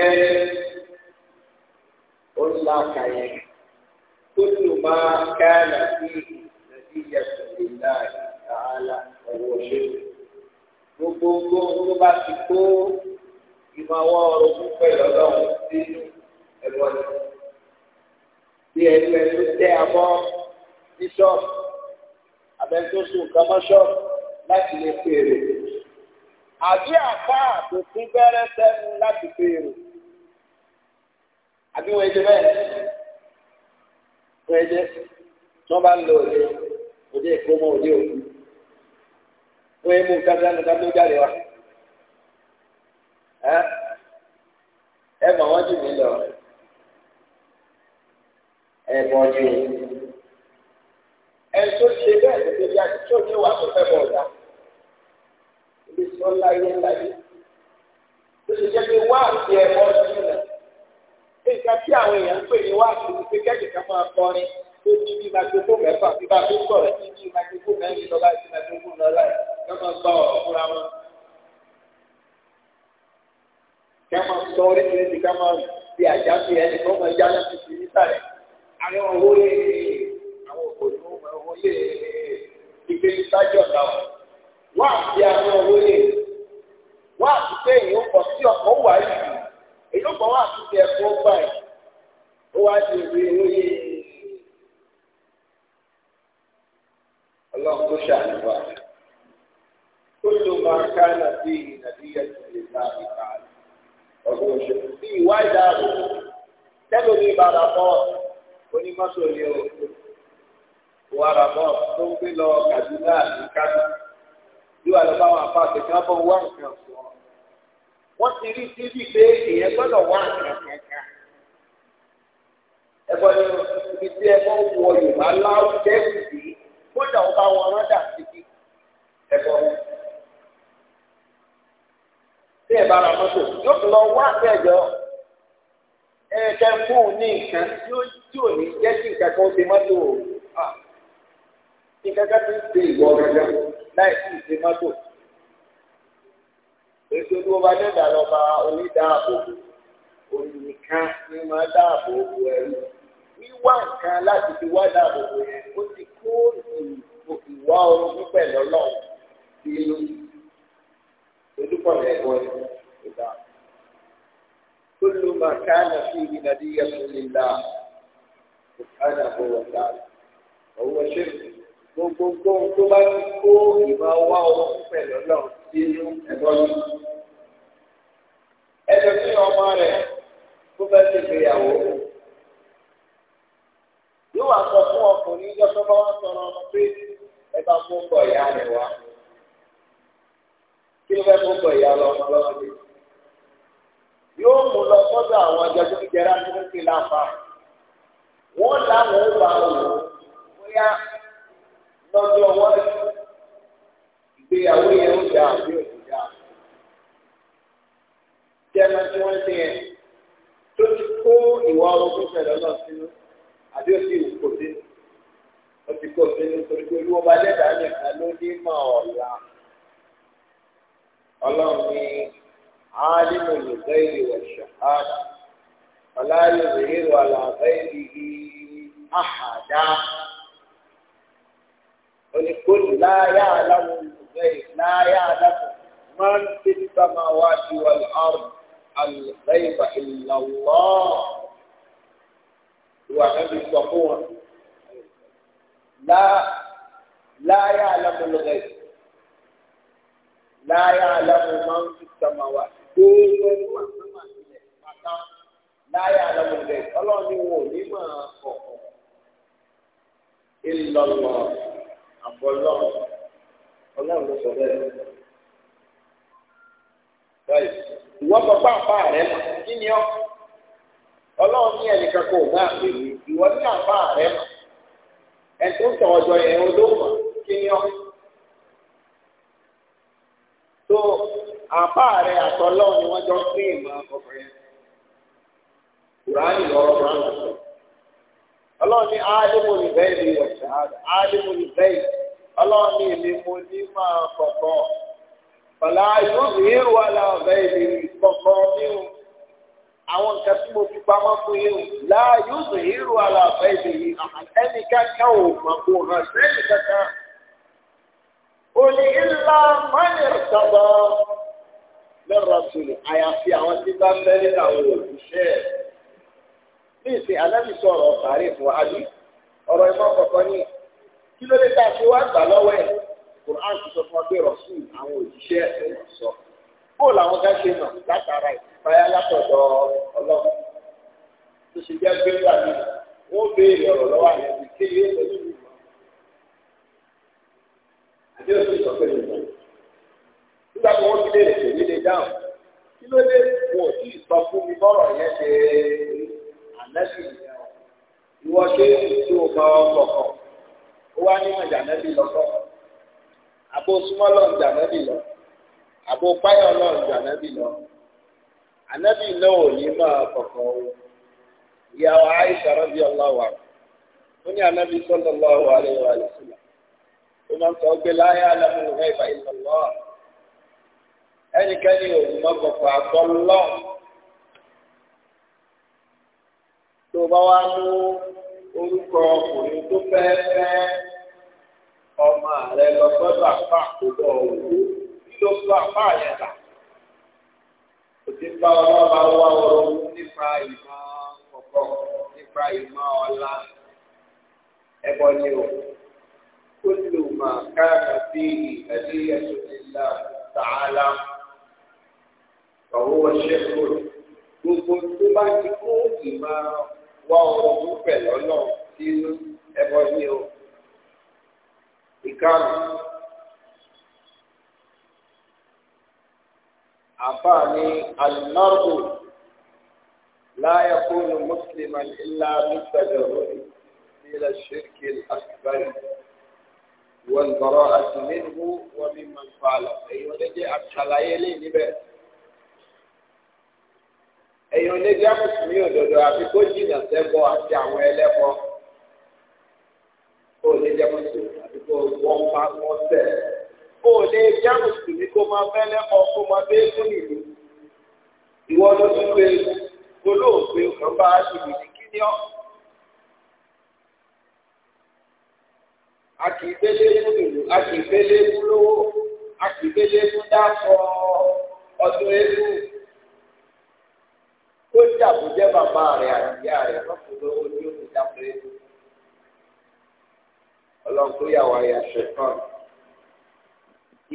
jẹ́ ńlá kàyé tó lù máa káàlà sí ìdàdí yẹtù ìlà ìtàhálà ọwọ́ ṣe. Gbogbogbò tó bá ti kó ìmọ̀wọ́ ogún pẹ̀lú ọlọ́run sínú ẹ̀rọ ni. Bí ẹnu ẹnu tẹ́ abọ́ ní ṣọ́ọ̀bù, abẹ́ntóṣù láti lè fèrè. Àbí àká àtòkún bẹ́rẹ́ sẹ́nu láti fèrè. àbí wọ́n ẹjẹ bẹ́ẹ̀ wọ́n ẹjẹ tí wọ́n bá ń lo òde òde ìkómọ òde òkú wọ́n ẹmu kábíyánu kábíyánu jáde wa ẹ mọ̀ wọ́n jù mí lọ ẹ mọ̀ jù ẹ tó ṣe bẹ́ẹ̀ tó ṣe jáde tó ṣe wà tó fẹ́ bọ̀ ọ̀dà ibi tí wọ́n láyé láyé tó ṣe jẹ́ pé nǹkan tí àwọn èèyàn ń pè ní wá àti wípé kẹ́nìkan máa kọrin tó ní bí magbogbo mẹ́fà bí bá tó sọ̀rọ̀ ní bí magbogbo mẹ́rin lọ́ba àti magbogbo lọ́la kẹ́ máa gba ọ̀rọ̀ fúnra wọn. kẹ́ máa sọ oríṣiríṣi ká máa fi àjà fi ẹni tó máa já láti fi níta rẹ̀. àwọn owó lè àwọn owó lè owó lè ìgbé sájọ̀ táwọn. wá àti àwọn owó lè wá àti pé èèyàn kọ̀ sí ọ̀pọ̀ wà yìí èèyàn kọ̀ wá àti ti ẹ̀kọ́ báyìí. وجبريل اللهم شأن واحد كل ما كان فيه نبيا لله تعالى وهو شأن في وجبه تبني برقات onímọ́tò ni o wà ràbọ̀ tó ń gbé lọ kàdúrà ní kánú yóò wà lọ́wọ́ àwọn afáàfẹ́ kí wọ́n bọ̀ wá nǹkan fún ọ. wọ́n ti rí síbi pé èèyàn gbọ́dọ̀ wá nǹkan kan ẹ̀kọ́ nínú ibi tí ẹ̀kọ́ wọ yorùbá láwù jẹ́kù sí kódà ọba wọn rọ́dà síbi ẹ̀kọ́. Bí ẹ̀ bá ra mọ́tò, yóò tún lọ wá àtẹ̀jọ́ ẹ̀ẹ́dẹ́ fún ní nǹkan tí ò ní jẹ́ kí nǹkan kan ṣe mọ́tò o. Nǹkan kan ti ń ṣe ìwọ gẹ́gẹ́ láì sí ìṣe mọ́tò. Èso tí wọ́n bá dẹ́gbà lọ́ba onídàábò, òyìnká ni máa dáàbò bo ẹ̀rù wíwá nǹkan láti fi wá dáàbò bò yẹn ó ti kó ìwà orogún pẹ̀lú ọlọ́run sí inú ojúkọ̀ rẹ̀ wọ ìgbà. كل ما كان فيه نبيا لله سبحانه وتعالى وهو شرك gbogbo tó bá ti kó ìmọ̀ wá orogún pẹ̀lú ọlọ́run sí inú ẹ̀gbọ́n yìí. ẹ̀dọ̀ sí ọmọ rẹ̀ tó fẹ́ ṣègbéyàwó yóò wá sọ fún ọkùnrin níjọ́ tó bá wọn sọ̀rọ̀ ọmọ pé ẹ bá mú ọkọ ìyá rẹ̀ wá kí ló fẹ́ mú ọkọ ìyá lọ ọmọ lọ́wọ́ dé yóò mú lọ sọ́dọ̀ àwọn ajọjọ jẹrà tó ń pè láǹfà wọn làwọn ó bá wò bóyá lọ́jọ́ wájú ìgbéyàwó yẹn ó dà bí ó dà jẹmọ tí wọn ti yẹn tó ti kó ìwà ogun ṣẹlẹ̀ lọ sínú àbí òsì kò sí òsì kò sí nítorí pé olúwo bá dẹ́ta nìkan ló ní mọ̀ ọ̀la ọlọ́run ní áálímù lùgbẹ́ ìwọ̀ ṣàkárà ọ̀láyò rèéru àlàbẹ́ ìlì àhàdá oníkólù láyà aláwọ̀ lùgbẹ́ láyà aláwọ̀ máa ń tẹ́tí sámáwá ju àlùkò àlùkò ìbà ìlàwọ̀ ìwà nàbì sọ fún wọn láyà alámúlùgẹ láyà alámúlùmọ́ńtì sàmáwá gbogbo ìwà sàmà ilẹ̀ pátá láyà alámúlùgẹ ọlọ́run ni wọn ò ní máa kọ̀ọ̀kan ìlọlọ àbọ̀lọ́ ọlọ́run ló sọ bẹ́ẹ̀. Báyìí, ìwọ́n sọ rẹ̀ kí ni ọ́? ọlọ́run ní ẹnìkan kò gbá àpè mi ìwọ ní àbá rẹ mọ̀ ẹni tó ń tọ̀ ọjọ́ yẹn olóòmọ̀ kí ni ọ́ tó àbá rẹ àtọ́lọ́run ni wọ́n jọ ń pín ìmọ̀ ọkùnrin kùránì lọ́rọ̀ kùránì lọ́sọ̀ ọlọ́run ní áálímù ní bẹ́ẹ̀ ni ìwọ̀ ṣáàdà áálímù ní bẹ́ẹ̀ ọlọ́run ní èmi mo ní máa kọ̀kọ́ bàlá yóò rí ìrù àlà ọ̀bẹ ìlú kọ̀kọ́ mímu àwọn nǹkan tí mo fi pamọ́ fún yín o láàyò zèhírò àlàfẹ́ ìbèyí ẹnì kankan ò mọ̀ kó hàn sẹ́yìn kankan. Olè ńlá mọ́nì ìtàgbọ́ lọ́rọ̀ sùlù àyàfi àwọn tí bá ń bẹ́ nínú àwọn òṣìṣẹ́ ẹ̀. Bí ìsìn Anábì sọ̀rọ̀ ọ̀kàrí fún wa àbí ọ̀rọ̀ ìmọ̀ kọ̀ọ̀kan ní kí ló lè ta fi wá gbà lọ́wọ́ ẹ̀? Kùrán ti sọ fún ọ pé rọ̀sùn àwọn òṣìṣẹ́ ẹ̀ sọ báyà látọ̀dọ̀ ọlọ́run tó ṣe jẹ́ gbé gbà mí wọ́n béèrè ọ̀rọ̀ lọ́wọ́ àyẹ̀ bí kí ilé ìtọ́jú mi mọ́ àbí òsì sọ pé mi mọ́ nígbà tí wọ́n fi lè rèé mi lè dáhùn kí ló dé wọn ò tí ì sọ fún mi bọ́rọ̀ yẹn ṣe ànẹ́bí ìwọ ṣe tí o mọ ọkọ̀ ó wá ní mọ̀jà lọ́kọ̀ àbó súnmọ́ lọ́njà ànẹ́bí lọ àbó páyọ̀ lọ́njà ànẹ́bí lọ ànábì náà ò ní máa kọ̀kọ̀ o ìyàwó Aisha radiyallahu anha ó ní ànábì sallallahu alaihi wa sallam ó máa ń sọ pé la ya'lamu al-ghayba illa Allah ẹnikẹ́ni ò ní máa kọ̀kọ̀ àgbọ̀ tó bá wá mú orúkọ ọkùnrin tó fẹ́ fẹ́ ọmọ rẹ lọ sọ́dọ̀ àpá àkóbọ̀ òwú kí ló sọ àpá yẹn dà bá ọlọ́wọ́ bá wá ọ̀rọ̀ nípa ìmọ̀ kọ̀kọ̀ nípa ìmọ̀ ọ̀la ẹbọ ni o kó lò máa káàkà sí ìgbàdí ẹ̀sùnìlá tààlà ọ̀hún ọ̀ṣẹ́ kúrò gbogbo tó bá ti kó ìmọ̀ wá ọ̀rọ̀ pẹ̀lú ọlọ́ọ̀ sínú ẹbọ ni o ìkarùn. àfààní almarhu la yakunu musliman illa mùsàlùmí ila shirki al-akbar wal bara'ati minhu wa mimman fa'ala èyí ò ní jẹ́ àṣàlàyé lé níbẹ̀ èyí ò ní jẹ́ mùsùlùmí òdodo àfi kó jìnnà sẹ́bọ àti àwọn ẹlẹ́bọ ó ní jẹ́ mùsùlùmí àfi kó wọ́n bá wọ́n sẹ́ẹ̀ kó o lè jẹ́ mùsùlùmí kó máa fẹ́ lẹ́kọ̀ọ́ kó máa bẹ́ẹ̀ fún ìlú ìwọ ló tún pé olóògbé kan bá ṣèlú kí ni ọ́. a kì í gbélé fún ìlú a kì í gbélé fún lówó a kì í gbélé fún dáfọ ọdún ewu ó jàbújẹ bàbá rẹ àti ìyá rẹ lọ́kùnrin lówó ní oṣù jàpé ọlọ́gbóyàwó ayàṣẹ kan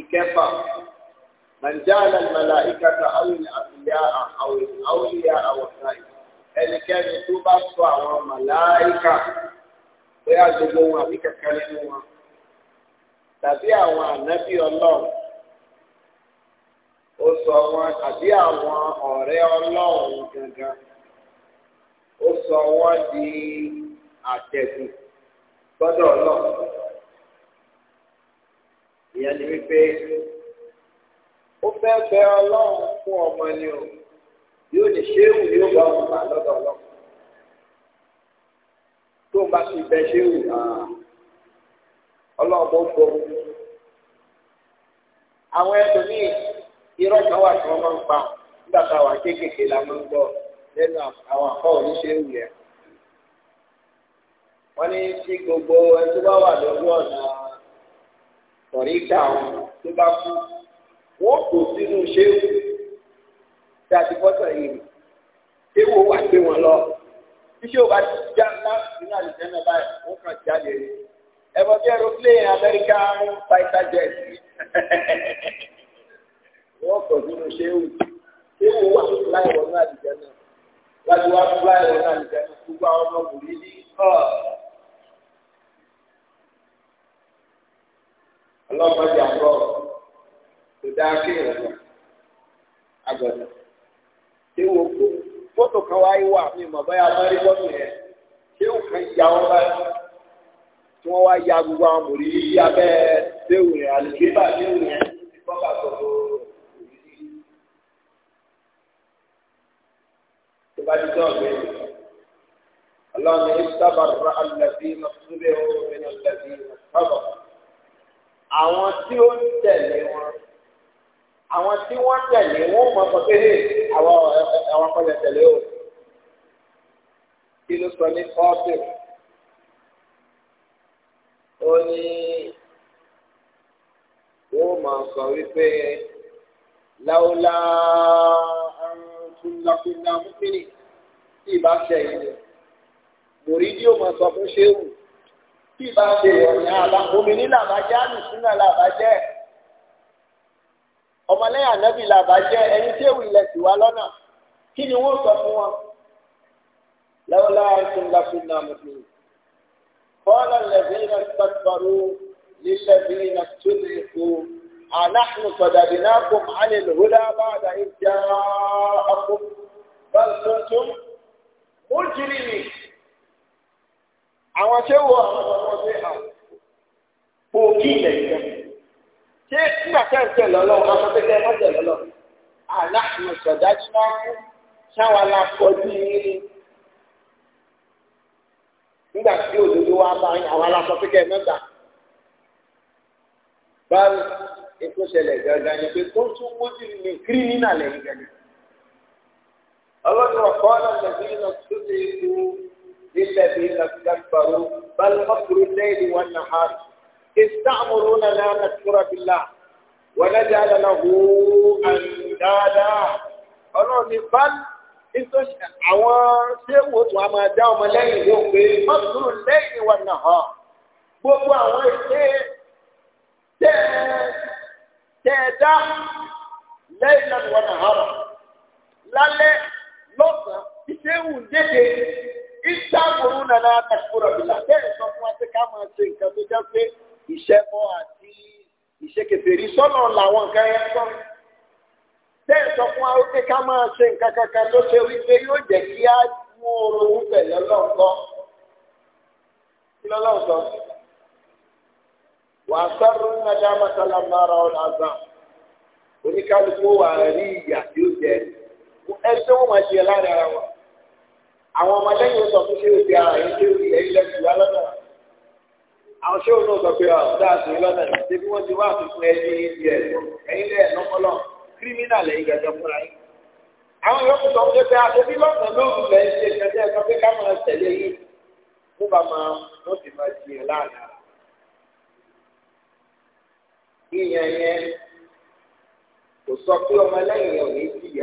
ìkẹfà màjáàlá ìmàlà ìkàtà àwọn àbíyá àwọn ìyá àwọ̀sá ẹnikẹ́ni tó bá sọ àwọn màláìkà bóyá gbogbo wọn àbí kankan nínú wọn tàbí àwọn ànábì ọlọ́run ó sọ wọn àbí àwọn ọ̀rẹ́ ọlọ́run gangan ó sọ wọn di àtẹ̀gùn gbọ́dọ̀ ọlọ́run ìyẹn ni wípé ó fẹ́ bẹ ọlọ́run fún ọmọ ni o yóò ní ṣéwù yóò bá wọn bá lọ́dọ̀ ọlọ́run tó bá ti bẹ ṣéwù ọlọ́run bó gbọ́ àwọn ẹlòmíì irọ́ kan wà tí wọ́n máa ń pa nígbà táwa kéékèèké la máa ń gbọ́ lẹ́nu àwọn àkọ́ oníṣẹ́ ìwé ẹ̀. wọ́n ní tí gbogbo ẹtí wá wà lórí ọ̀nà tọ̀ríkà wọn tó bá kú wọ́n kò sínú ṣéwù tí a ti fọ́tọ̀ yìí ṣéwù wà gbé wọn lọ tí ṣéwù bá ti já láti nínú àlùfẹ́ náà báyìí wọ́n kàn jáde ẹ̀fọ́ bí aeroplane Amẹ́ríkà ń fighter *laughs* jet wọ́n kò sínú ṣéwù ṣéwù wà láì wọ́n náà àlùfẹ́ náà láti wá fúláì wọ́n náà àlùfẹ́ náà gbogbo àwọn ọmọ wòlíì ní ọ̀ọ́. ọlọ́mọdé àbọ̀ kò dáa kí èèyàn lọ agbọ̀dọ̀ ṣé wo kó fótò kan wáyé wà mí mọ̀ báyà bá rí bọ́tò yẹn ṣé wò kàn ya wọn báyìí tí wọ́n wá ya gbogbo àwọn mòrí yí abẹ́ déwù yẹn àlùkébà déwù yẹn ti bọ́kà tọ̀tọ̀ tó bá ti dán ọ̀gbẹ́ yìí. اللهم استبر الذين اتبعوا من الذين اتبعوا àwọn tí ó ń tẹ̀lé wọn àwọn tí wọ́n tẹ̀lé wọn mọ̀ sọ pé àwọn àwọn akọ́lẹ̀ tẹ̀lé o kí ló sọ ní kọ́ọ̀tù ó ní wọ́n máa sọ wípé láwùlá kúnlákúnlá mú kí ni tí ì bá ṣẹ̀yìn mòrídìí ó máa sọ fún ṣéwù bí ìbá ṣe ìrọ̀lẹ́ àbá òmìnir làbájẹ́ àlùsúnà làbájẹ́ ọmọlẹ́yìn ànábì làbájẹ́ ẹni tí èwì ilẹ̀ sì wá lọ́nà kí ni wọ́n sọ fún wọn. lọ́wọ́lá ẹ̀sìn ńláfínà mùsùlùmí kọ́lá lẹ́bí iná sọ́tọ̀rù lílẹ́bí iná tóbi èkó ànáhùn sọ̀dàdínà kò máa lè lòdà bá àdá ìjà ọkọ̀ bá tuntun ó jírí mi. àwọn ṣé wo àwọn ọmọ ṣe kí ilẹ̀ ìjọ ṣé nígbà tẹ́ ń tẹ̀lé ọlọ́run aṣọ pé kẹ́ ẹ tẹ̀lé ọlọ́run aláàfin ìṣọ̀dájú máa ń ṣáwọn aláfọjú yín nígbà tí òdodo wa bá àwọn ètò ìṣẹ̀lẹ̀ ni pé tó للذين استكبروا بل مكر الليل والنهار استعمروننا نكفر بالله ونجعل له اندادا ọlọ́run ní bá nítorí àwọn ṣéwò tó a máa dá ọmọ lẹ́yìn ló pé mọ́tòrò lẹ́yìn wà náà hàn gbogbo àwọn ilé tẹ́ tẹ́ dá lẹ́yìn náà wà náà hàn lálẹ́ lọ́sàn ṣéwù dédé ìtàkùrú nana àtàkùrọ̀ bìlà bẹ́ẹ̀ sọ fún wa pé ká máa ṣe nǹkan tó jẹ́ pé ìṣẹ́bọ àti ìṣekèfèrí sọ́nà làwọn nǹkan yẹn sọ. bẹ́ẹ̀ sọ fún wa pé ká máa ṣe nǹkan kankan ló ṣe wípé yóò jẹ́ kí á mú oorun pẹ̀lú ọlọ́ọ̀kọ́. kí lọ́lọ́ọ̀kọ́? wà á sọ́run nàdá masala mara ọ̀nà àgbà oníkálukú wà rí ìyà tí ó jẹ ẹni tó àwọn ọmọlẹ́yìn sọ fún ṣé òbí ara yẹn ṣé òbí ẹ̀yìn lẹ́sìn wá lọ́nà àwọn ṣé òun náà sọ pé ọ̀dà àtúnyẹ lọ́nà ṣé bí wọ́n ti wá àtúntò ẹni ibi ẹ̀ ẹ̀yìn lẹ́ẹ̀ lọ́pọ̀lọ́ kírímínà lẹ́yìn gẹ́gẹ́ fúnra yín. àwọn yòókù sọ pé pé àti bí lọ́sàn lóru lẹ́yìn ṣe ṣẹṣẹ sọ pé ká máa tẹ̀lé yín tó bá máa wọ́n ti máa di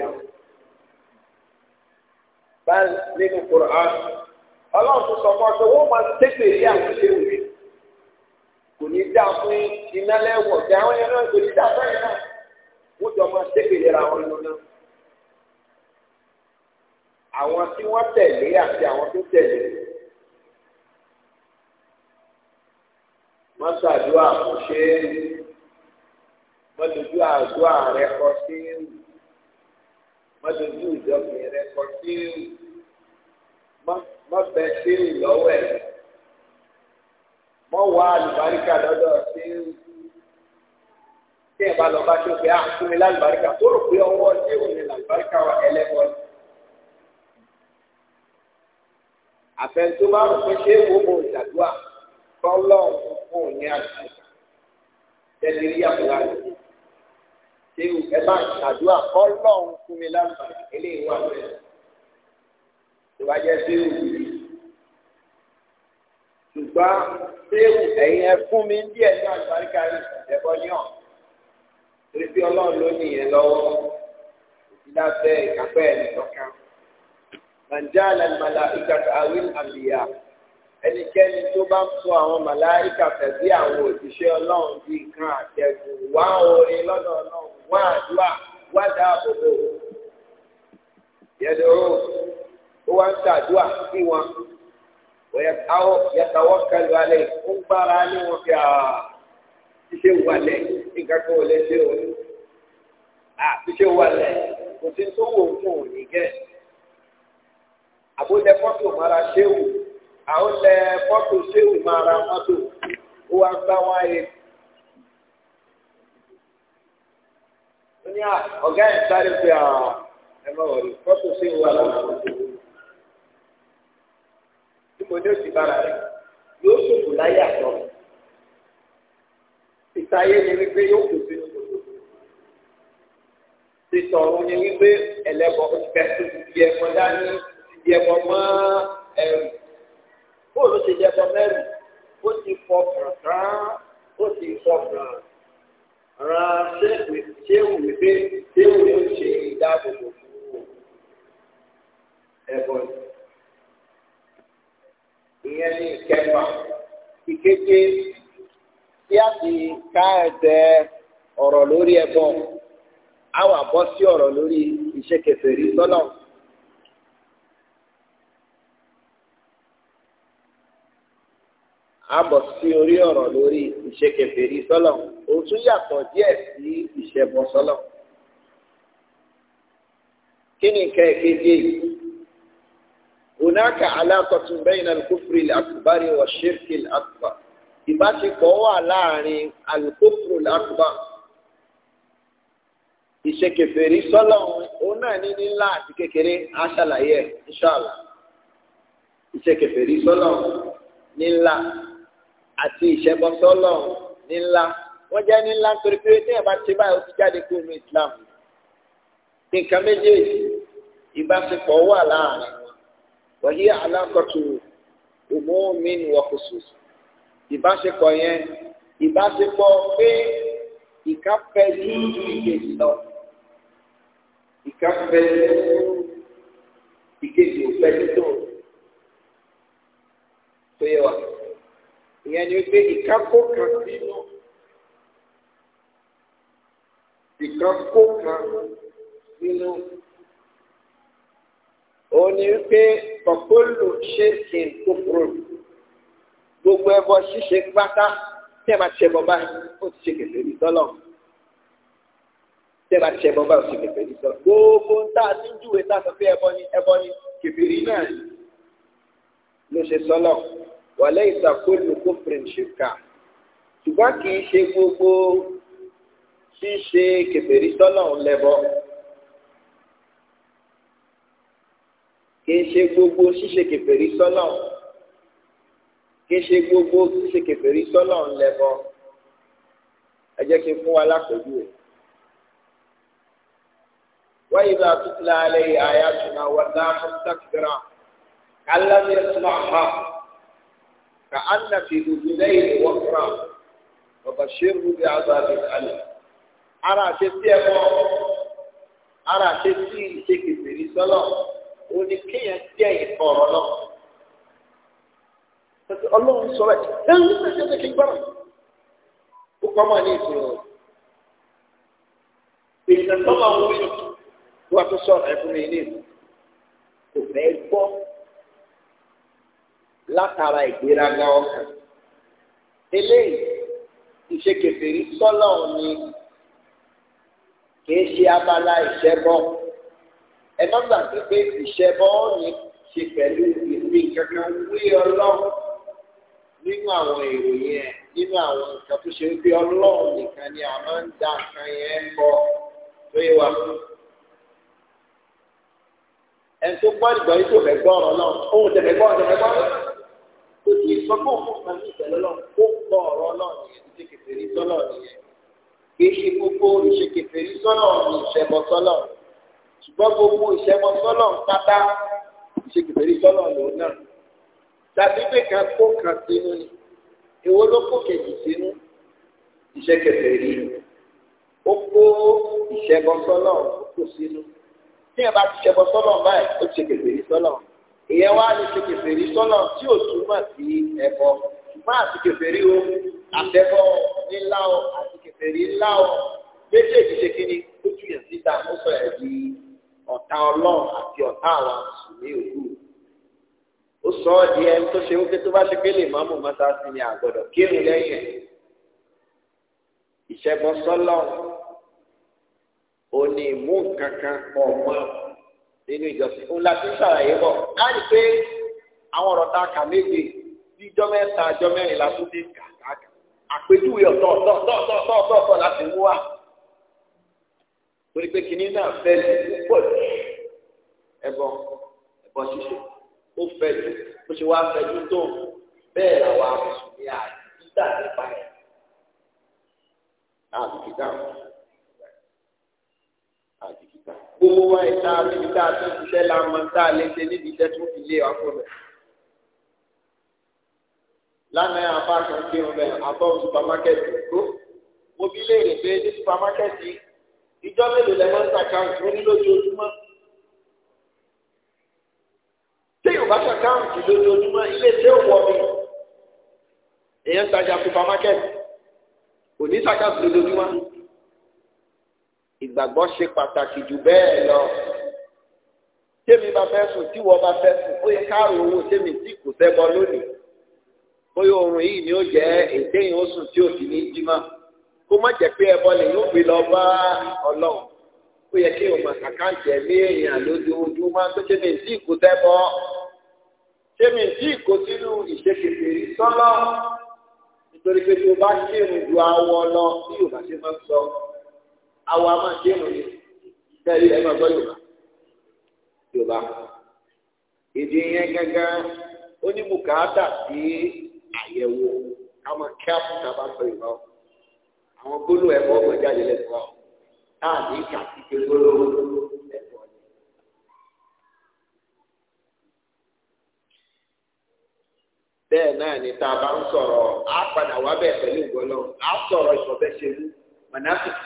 ẹ̀ bá nínú Qur'an ọlọ́run tó sọ fún ọ pé wọ́n máa tètè yí àwọn ṣé wù kò ní dá fún iná lẹ́wọ̀ tí àwọn yẹn náà kò ní dá fún iná wọ́n jọ máa tètè yẹra wọn lọ́nà. àwọn tí wọ́n tẹ̀lé àti àwọn tó tẹ̀lé wọ́n ṣàdúrà fún ṣé wọ́n dojú àdúrà rẹ kọ sí wọ́n ìjọba yẹn kọtíìlì mọ́bẹ tíìlì lọ́wọ́ ẹ̀ mọ́ wá àlùbáríkà lọ́dọ̀ tíìlì tí ẹ̀ bá lọ bá tó pé à ah, fún mi lálùbáríkà tó rò pé ọwọ́ tíìlì ni lálùbáríkà wà ẹlẹ́kọ̀ọ́ ni. àfẹnusó bá rò pé ṣé wo mo ìdàdúrà tọ́lọ́ fún ní àlùbáríkà tẹ́lẹ̀ rí àbúrò àlùbáríkà ṣé ẹ bá ìdàdúrà tọ́lọ́ fún mi lálùbáríkà eléyìí wà lóyún tó bá jẹ́ sí òwú yìí ṣùgbọ́n séwù ẹ̀yin ẹ fún mi díẹ̀ ní àgbáríkà rẹ̀ ní ọ̀ torí pé ọlọ́run ló ní ìyẹn lọ́wọ́ òkúta ìkápẹ́ ẹ̀ nìkan. Màjá àlàmàlà àwìn àbíyá ẹnikẹ́ni tó bá ń àwọn màláìkà tẹ̀sí àwọn òṣìṣẹ́ ọlọ́run bíi nǹkan àtẹ̀gùn wá orin lọ́dọ̀ ọlọ́run wá àdúrà wá dáàbòbò yẹ̀dọ̀rọ̀ ó wá ń ṣàdúrà sí wọn yàtàwọ́ kẹlẹ́ alẹ́ ó ń gbára ní wọn fi ṣiṣẹ́ wàlẹ̀ nǹkan kan ò lè ṣe o ṣiṣẹ́ wàlẹ̀ kò sí tó wò fún òní gẹ́ fọ́tò mara ṣéwù àwọn lẹ fọ́tò ṣéwù mara mọ́tò ó wá ń gbá wáyé. ó ní ọ̀gá ẹ̀ sáré fọ́tò ṣéwù ipò ní òsì bára rẹ̀ yóò ṣòfò láyé àtọ́ ìtayé ni wípé yóò kù sínú kòtò títọ̀run ni wípé ẹlẹ́bọ̀ ìfẹ́sùn ti di ẹ̀kọ́ dání ti di ẹ̀kọ́ mọ́ ẹ̀rù bóòlù ti di ẹ̀kọ́ mẹ́rù ó ti fọ kàrán ó ti fọ kàrán ran ṣéwù wípé ṣéwù yóò ṣe ìdáàbòbò fún ẹ̀bọ̀ yìí ìyẹn ní ìkẹfà ìkeje tí a ti ká ẹsẹ̀ ọ̀rọ̀ lórí ẹbọ a wà bọ́ sí ọ̀rọ̀ lórí iṣẹ́ kèfèrí sọ́nà. a bọ̀ sí orí ọ̀rọ̀ lórí iṣẹ́ kèfèrí sọ́nà ó tún yàtọ̀ díẹ̀ sí ìṣẹbọ sọ́nà. kí ni nǹkan ẹ̀kejì yìí? hunaka alákọ̀tún bẹ́yìn alukófìrí akubari wa ṣírkì akuba ìbáṣepọ̀ wà láàrin alukófìrí akuba ìṣekèfèrí sọ́lọ̀ òun náà ní nílá àti kékeré aṣàlàyé inṣàlá ìṣekèfèrí sọ́lọ̀ nílá àti ìṣẹ́bọ sọ́lọ̀ nílá wọ́n jẹ́ nílá torí pé tí ẹ̀ bá ti báyìí ó ti jáde kúrò ní Islam nǹkan méjèèjì ìbáṣepọ̀ wà láàrin wàyí alákọ̀tù òmùmí ni wọ́n kò sùn ìbáṣepọ̀ yẹn ìbáṣepọ̀ pé ìkápẹ́ ní ìkejì lọ ìkápẹ́ ìkejì òpẹ́ nítò tó yẹ wa ìyẹn ni pé ìkákó kan sínú ìkákó kan sínú òun ni wípé kọ̀kọ́lù ṣe kì í kókòrò gbogbo ẹbọ ṣíṣe pátá tí ẹ bá tiẹ̀ bọ́ báyìí ó ti ṣe kẹfẹ́ ní sọ́lọ̀ tí bá tiẹ̀ bọ́ ó ti ṣe kẹfẹ́ ní sọ́lọ̀ gbogbo ń tà ní júwe tá sọ pé ẹbọ ni ẹbọ ni kẹfìrí náà ló ṣe sọ́lọ̀ wàlẹ́ ìsàkólu kófìrí ṣèkà ṣùgbọ́n kì í ṣe gbogbo ṣíṣe kẹfẹ́ ní sọ́lọ̀ ń lẹ́bọ̀ọ́. kì í ṣe gbogbo ṣíṣe kèfèrí sọ́lọ̀ kì í ṣe gbogbo ṣíṣe kèfèrí sọ́lọ̀ ńlẹ́bọ ẹ jẹ́ kí n fún wa lápẹ̀jú rẹ̀. وإذا تتلى عليه آياتنا ولا مستكبرا كلم يسمعها كأن في أذنيه وقرا وبشره بعذاب أليم ara ṣe tí ẹ mọ ara ṣe tí ìṣe kèfèrí sọlọ òní kéèyàn jẹ́ ìfọ̀ ọ̀rọ̀ náà. ọlọ́run sọ̀rọ̀ ẹ̀ ẹ̀ ń ṣe ṣe kí n gbọ́rọ̀ ó kọ́ mọ́ ní ìṣòro èèyàn tó máa ń wí tó wàá tó sọ̀rọ̀ ẹ̀ fún mi ní ìlú kò fẹ́ gbọ́ látara ìgbéraga ọkàn eléyìí ìṣe kèfèrí sọ́lọ́ọ̀ ni kì í ṣe abala ìṣẹ́gbọ́n ẹ má gbàgbé pé ìṣẹ́bọ ní ṣe pẹ̀lú ìpín kankan wí ọlọ́run nínú àwọn ìròyìn ẹ̀ nínú àwọn nǹkan tó ṣe wípé ọlọ́run nìkan ni a máa ń da nǹkan yẹn bọ tó yẹ wá fún. ẹni tó gbọ́ ìgbọ́ yìí kò fẹ́ gbọ́ ọ̀rọ̀ náà òun tẹ̀lé gbọ́ ọ̀rọ̀ gbọ́ kò sì sọ fún òun kan ní ìtẹ̀lẹ́ náà kó gbọ́ ọ̀rọ̀ náà nìyẹn ti ṣe kẹfẹ́rí sọ́nà nìyẹn kì í ṣe gbogbo ìṣe kẹfẹ́rí sọ́nà sọ́nà nìyẹn ṣùgbọ́n gbogbo ìṣẹ́mọ sọ́lọ̀ ń pátá ṣe kìbèrè sọ́lọ̀ lòun náà tàbí pé kan kó kan sínú ni èwo ló kó kejì sínú iṣẹ́ kẹfẹ́ rí ó kó ìṣẹ́bọ sọ́lọ̀ ó kó sínú tí ẹ bá ti ṣẹbọ sọ́lọ̀ báyìí ó ṣe kẹfẹ́ rí sọ́lọ̀ ìyẹn wá lè ṣe kẹfẹ́ rí sọ́lọ̀ tí ò túmọ̀ sí ẹ̀bọ ṣùgbọ́n àti kẹfẹ́ o àtẹ́bọ ńlá o àti kẹfẹ́ ńlá o méjèèjì ṣe kí ni ó jù yàn síta ẹ̀ ọ̀tá ọlọ́run àti ọ̀tá àwọn mùsùlùmí òru ó sọ ọ́ di ẹni tó ṣe wípé tó bá ṣe pé lè mọ́mú mọ́sáàsì ni àgbọ̀dọ̀ kírun lẹ́yìn ẹ̀ ìṣẹ́gun sọ́lọ́run ó ní ìmú kankan pọ̀ mọ́ nínú ìjọsìn òun la ti ń ṣàlàyé bọ̀ láti pé àwọn ọ̀rọ̀ tá a kà méje bí ijọ́ mẹ́ta ijọ́ mẹ́rin la tún dé kàkà àpèjúwe ọ̀tọ̀ ọ̀tọ̀ ọ̀tọ̀ ọ̀tọ̀ ọ̀tọ̀ láti mú wa torí pé kìnìún náà fẹ́ ju púpọ̀ jù ẹbọ ẹbọ ṣíṣe ó fẹ́ ju bó ṣe wá fẹ́ ju tó bẹ́ẹ̀ làwọn amùsùnmí àdìgbà nípa ẹ̀ àdìgbà àdìgbà gbogbo wa ìta níbi tá a ti ń ṣiṣẹ́ la mọ tá a lè ṣe níbi iṣẹ́ tó fi lé ọkọ rẹ̀ lánàá apá kan kí n bẹ àbọ̀ supermarket kó mo bí léèrè pé ní supermarket yìí ìjọ mélòó lẹ máa ń sàkáǹtì ó ní lójoojúmọ́ tí yóò bá sàkáǹtì lójoojúmọ́ ilé tí ó wọ mi èèyàn tajà supamákẹ́tì kò ní sàkáǹtì lójoojúmọ́ ìgbàgbọ́ ṣe pàtàkì jù bẹ́ẹ̀ lọ tèmi bá fẹ́ sùn tí wọ́n bá fẹ́ sùn ó yẹ káàrò owó tèmi tí kò fẹ́ bọ́ lónìí bóyá oorun yìí ni ó jẹ́ ètè yìí ó sùn tí ò sì ní í kó má jẹ́ pé ẹbọ lè yóò gbé lọ bá ọlọ́run ó yẹ kí òun àkàǹtì ẹ̀mí èèyàn lójoojúmọ́ tó ṣe ní ìdí ìkótẹ́ bọ́ ṣé mi ìdí ìkótínú ìṣekèfèrè sọ́lọ́ nítorí pé tó bá kírun ju awọ lọ bí Yorùbá ṣe máa ń sọ awọ a máa kírun ni bẹ́ẹ̀ ẹ máa gbọ́ Yorùbá Yorùbá èdè yẹn gángan ó ní bùkátà sí àyẹ̀wò ká kí àpò tá a bá sọ Yorùbá àwọn gbólú ẹ̀kọ́ ọ̀gbọ̀n jáde lẹ́nu wa táà ní kà sí pé gbólú ẹ̀kọ́ ni. bẹ́ẹ̀ náà ni tá a bá ń sọ̀rọ̀ á padà wá bẹ́ẹ̀ pẹ̀lú ìgbọ́lọ́ á sọ̀rọ̀ ìsọ̀bẹ́sẹ̀lú mọ̀nàfíkì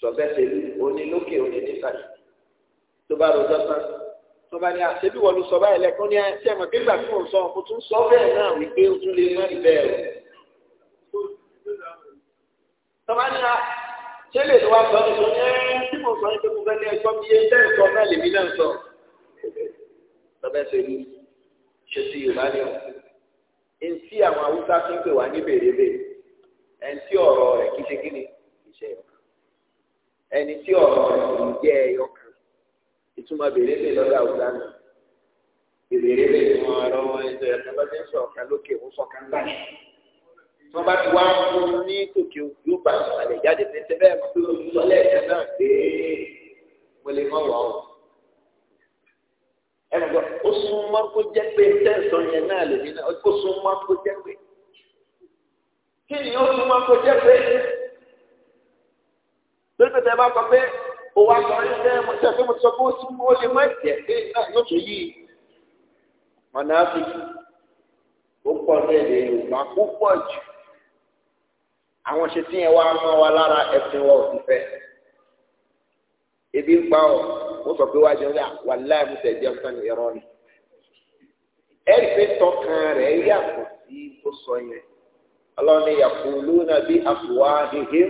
sọ̀bẹ́sẹ̀lú onílókè onínísàlẹ̀ tó bá rojọ́ tán tó bá ní àṣebí wọn ló sọ báyìí lẹ́kọ́ ní ẹ̀ ṣẹ́mọ̀ pé gbà tí mo sọ mo tún sọ bẹ́ẹ̀ náà wípé ó tún lè má rí bẹ́ẹ̀ rẹ̀ tọ́ba a ṣé lè wá sọ ní sọ ní ẹ́ tí mo sọ ní pé mo fẹ́ ní ẹjọ́ bí ẹ bẹ́ẹ̀ sọ náà lèmi náà sọ. lọ́bẹ̀ ṣe ní ṣe sí yorùbá ni ọ̀ ẹni tí àwọn haúsá fi ń pè wá ní bèrèbè ẹni tí ọ̀rọ̀ rẹ̀ kì í ṣe kí ni ìṣẹ́ ẹni tí ọ̀rọ̀ rẹ̀ kì í jẹ́ ẹyọ kan ìtumọ̀ bèrèbè lọ́dọ̀ haúsá náà bèrèbè ni wọ́n rọ ẹni tó tí wọ́n bá ti wá fún un ní tòkè yóò bá ìsàlẹ̀ jáde ní ṣe bẹ́ẹ̀ pé o sọ lẹ́ẹ̀kan náà pé mo lè mọ̀ o. ẹnu gbọ́ ó sún mọ́ kó jẹ́ pé tẹ̀sán yẹn náà lè ní náà ó sún mọ́ kó jẹ́ pé kí ni ó sún mọ́ kó jẹ́ pé lórí pẹ̀tẹ́ bá kọ pé o wa sọ ní sẹ́yìn mo sọ pé mo sọ pé ó sún mọ́ lè má jẹ́ pé náà yóò tún yí ọ̀nà àfikún ó pọ̀ ní èdè Yorùbá púpọ̀ jù àwọn ṣe tí yẹn wá mọ́ wa lára ẹ̀sìn wa ò sì fẹ́ ebi ń pa ọ mo sọ pé wá jẹun ní wàláì mo tẹ̀ jẹun sani ẹ̀rọ ni ẹ̀rí pé tọkàn rẹ̀ yàtọ̀ sí bó sọ yẹn ọlọ́run ni yàkùlù nàbí àfùwá hìhìm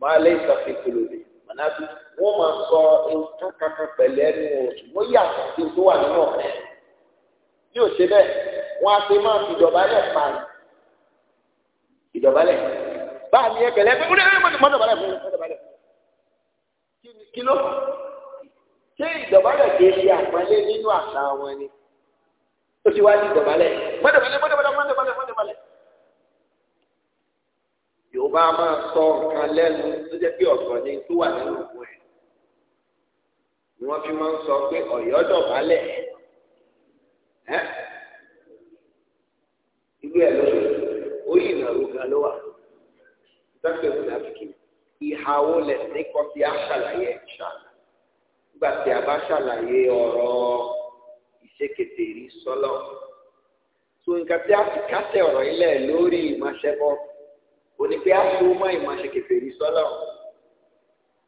máa lé ìsàfihàn kìlòdì mọ̀nàbí wọ́n máa sọ nǹkan kankan pẹ̀lú ẹnu wọn wọ́n yàtọ̀ sí tó wà nínú ọ̀rẹ́ bí ò ṣe bẹ́ẹ̀ wọ́n á ti máa fi ìdọ̀bálẹ̀ pa ìdọ̀bálẹ̀ báà ní ẹgbẹ̀lẹ́ ẹgbẹ́ ó dẹ́gbẹ́ mọ́tò mọ́tò balẹ̀ mọ́tò balẹ̀ kí ló ṣé ìdọ̀bálẹ̀ kì í ṣe àpọ́nlé nínú àṣà wọn ni ó ti wá ní ìdọ̀bálẹ̀ mọ́tò balẹ̀ mọ́tò balẹ̀ mọ́tò balẹ̀ mọ́tò balẹ̀ yorùbá máa sọ nǹkan lẹ́nu tó jẹ́ pé ọ̀sán ni tó wà nínú òkú ẹ̀ ni wọ́n fi máa ń sọ pé ọ̀yọ́ dọ̀bálẹ̀ ẹ́ ìlú ẹ̀ lóṣù ó yìnbọn ló wà dọ́kítà ìmúnàfíkì ìhàwó lẹ̀sìn kan tí a ṣàlàyé ṣàlà nígbà tí a bá ṣàlàyé ọ̀rọ̀ ìṣèkètè rí sọ́lọ́ tó nǹkan tí a sì kásẹ̀ ọ̀rọ̀ ilẹ̀ lórí ìmọ̀ṣẹ́bọ̀ òní pé a tó mọ́ ìmọ̀ṣẹ́kètè rí sọ́lọ́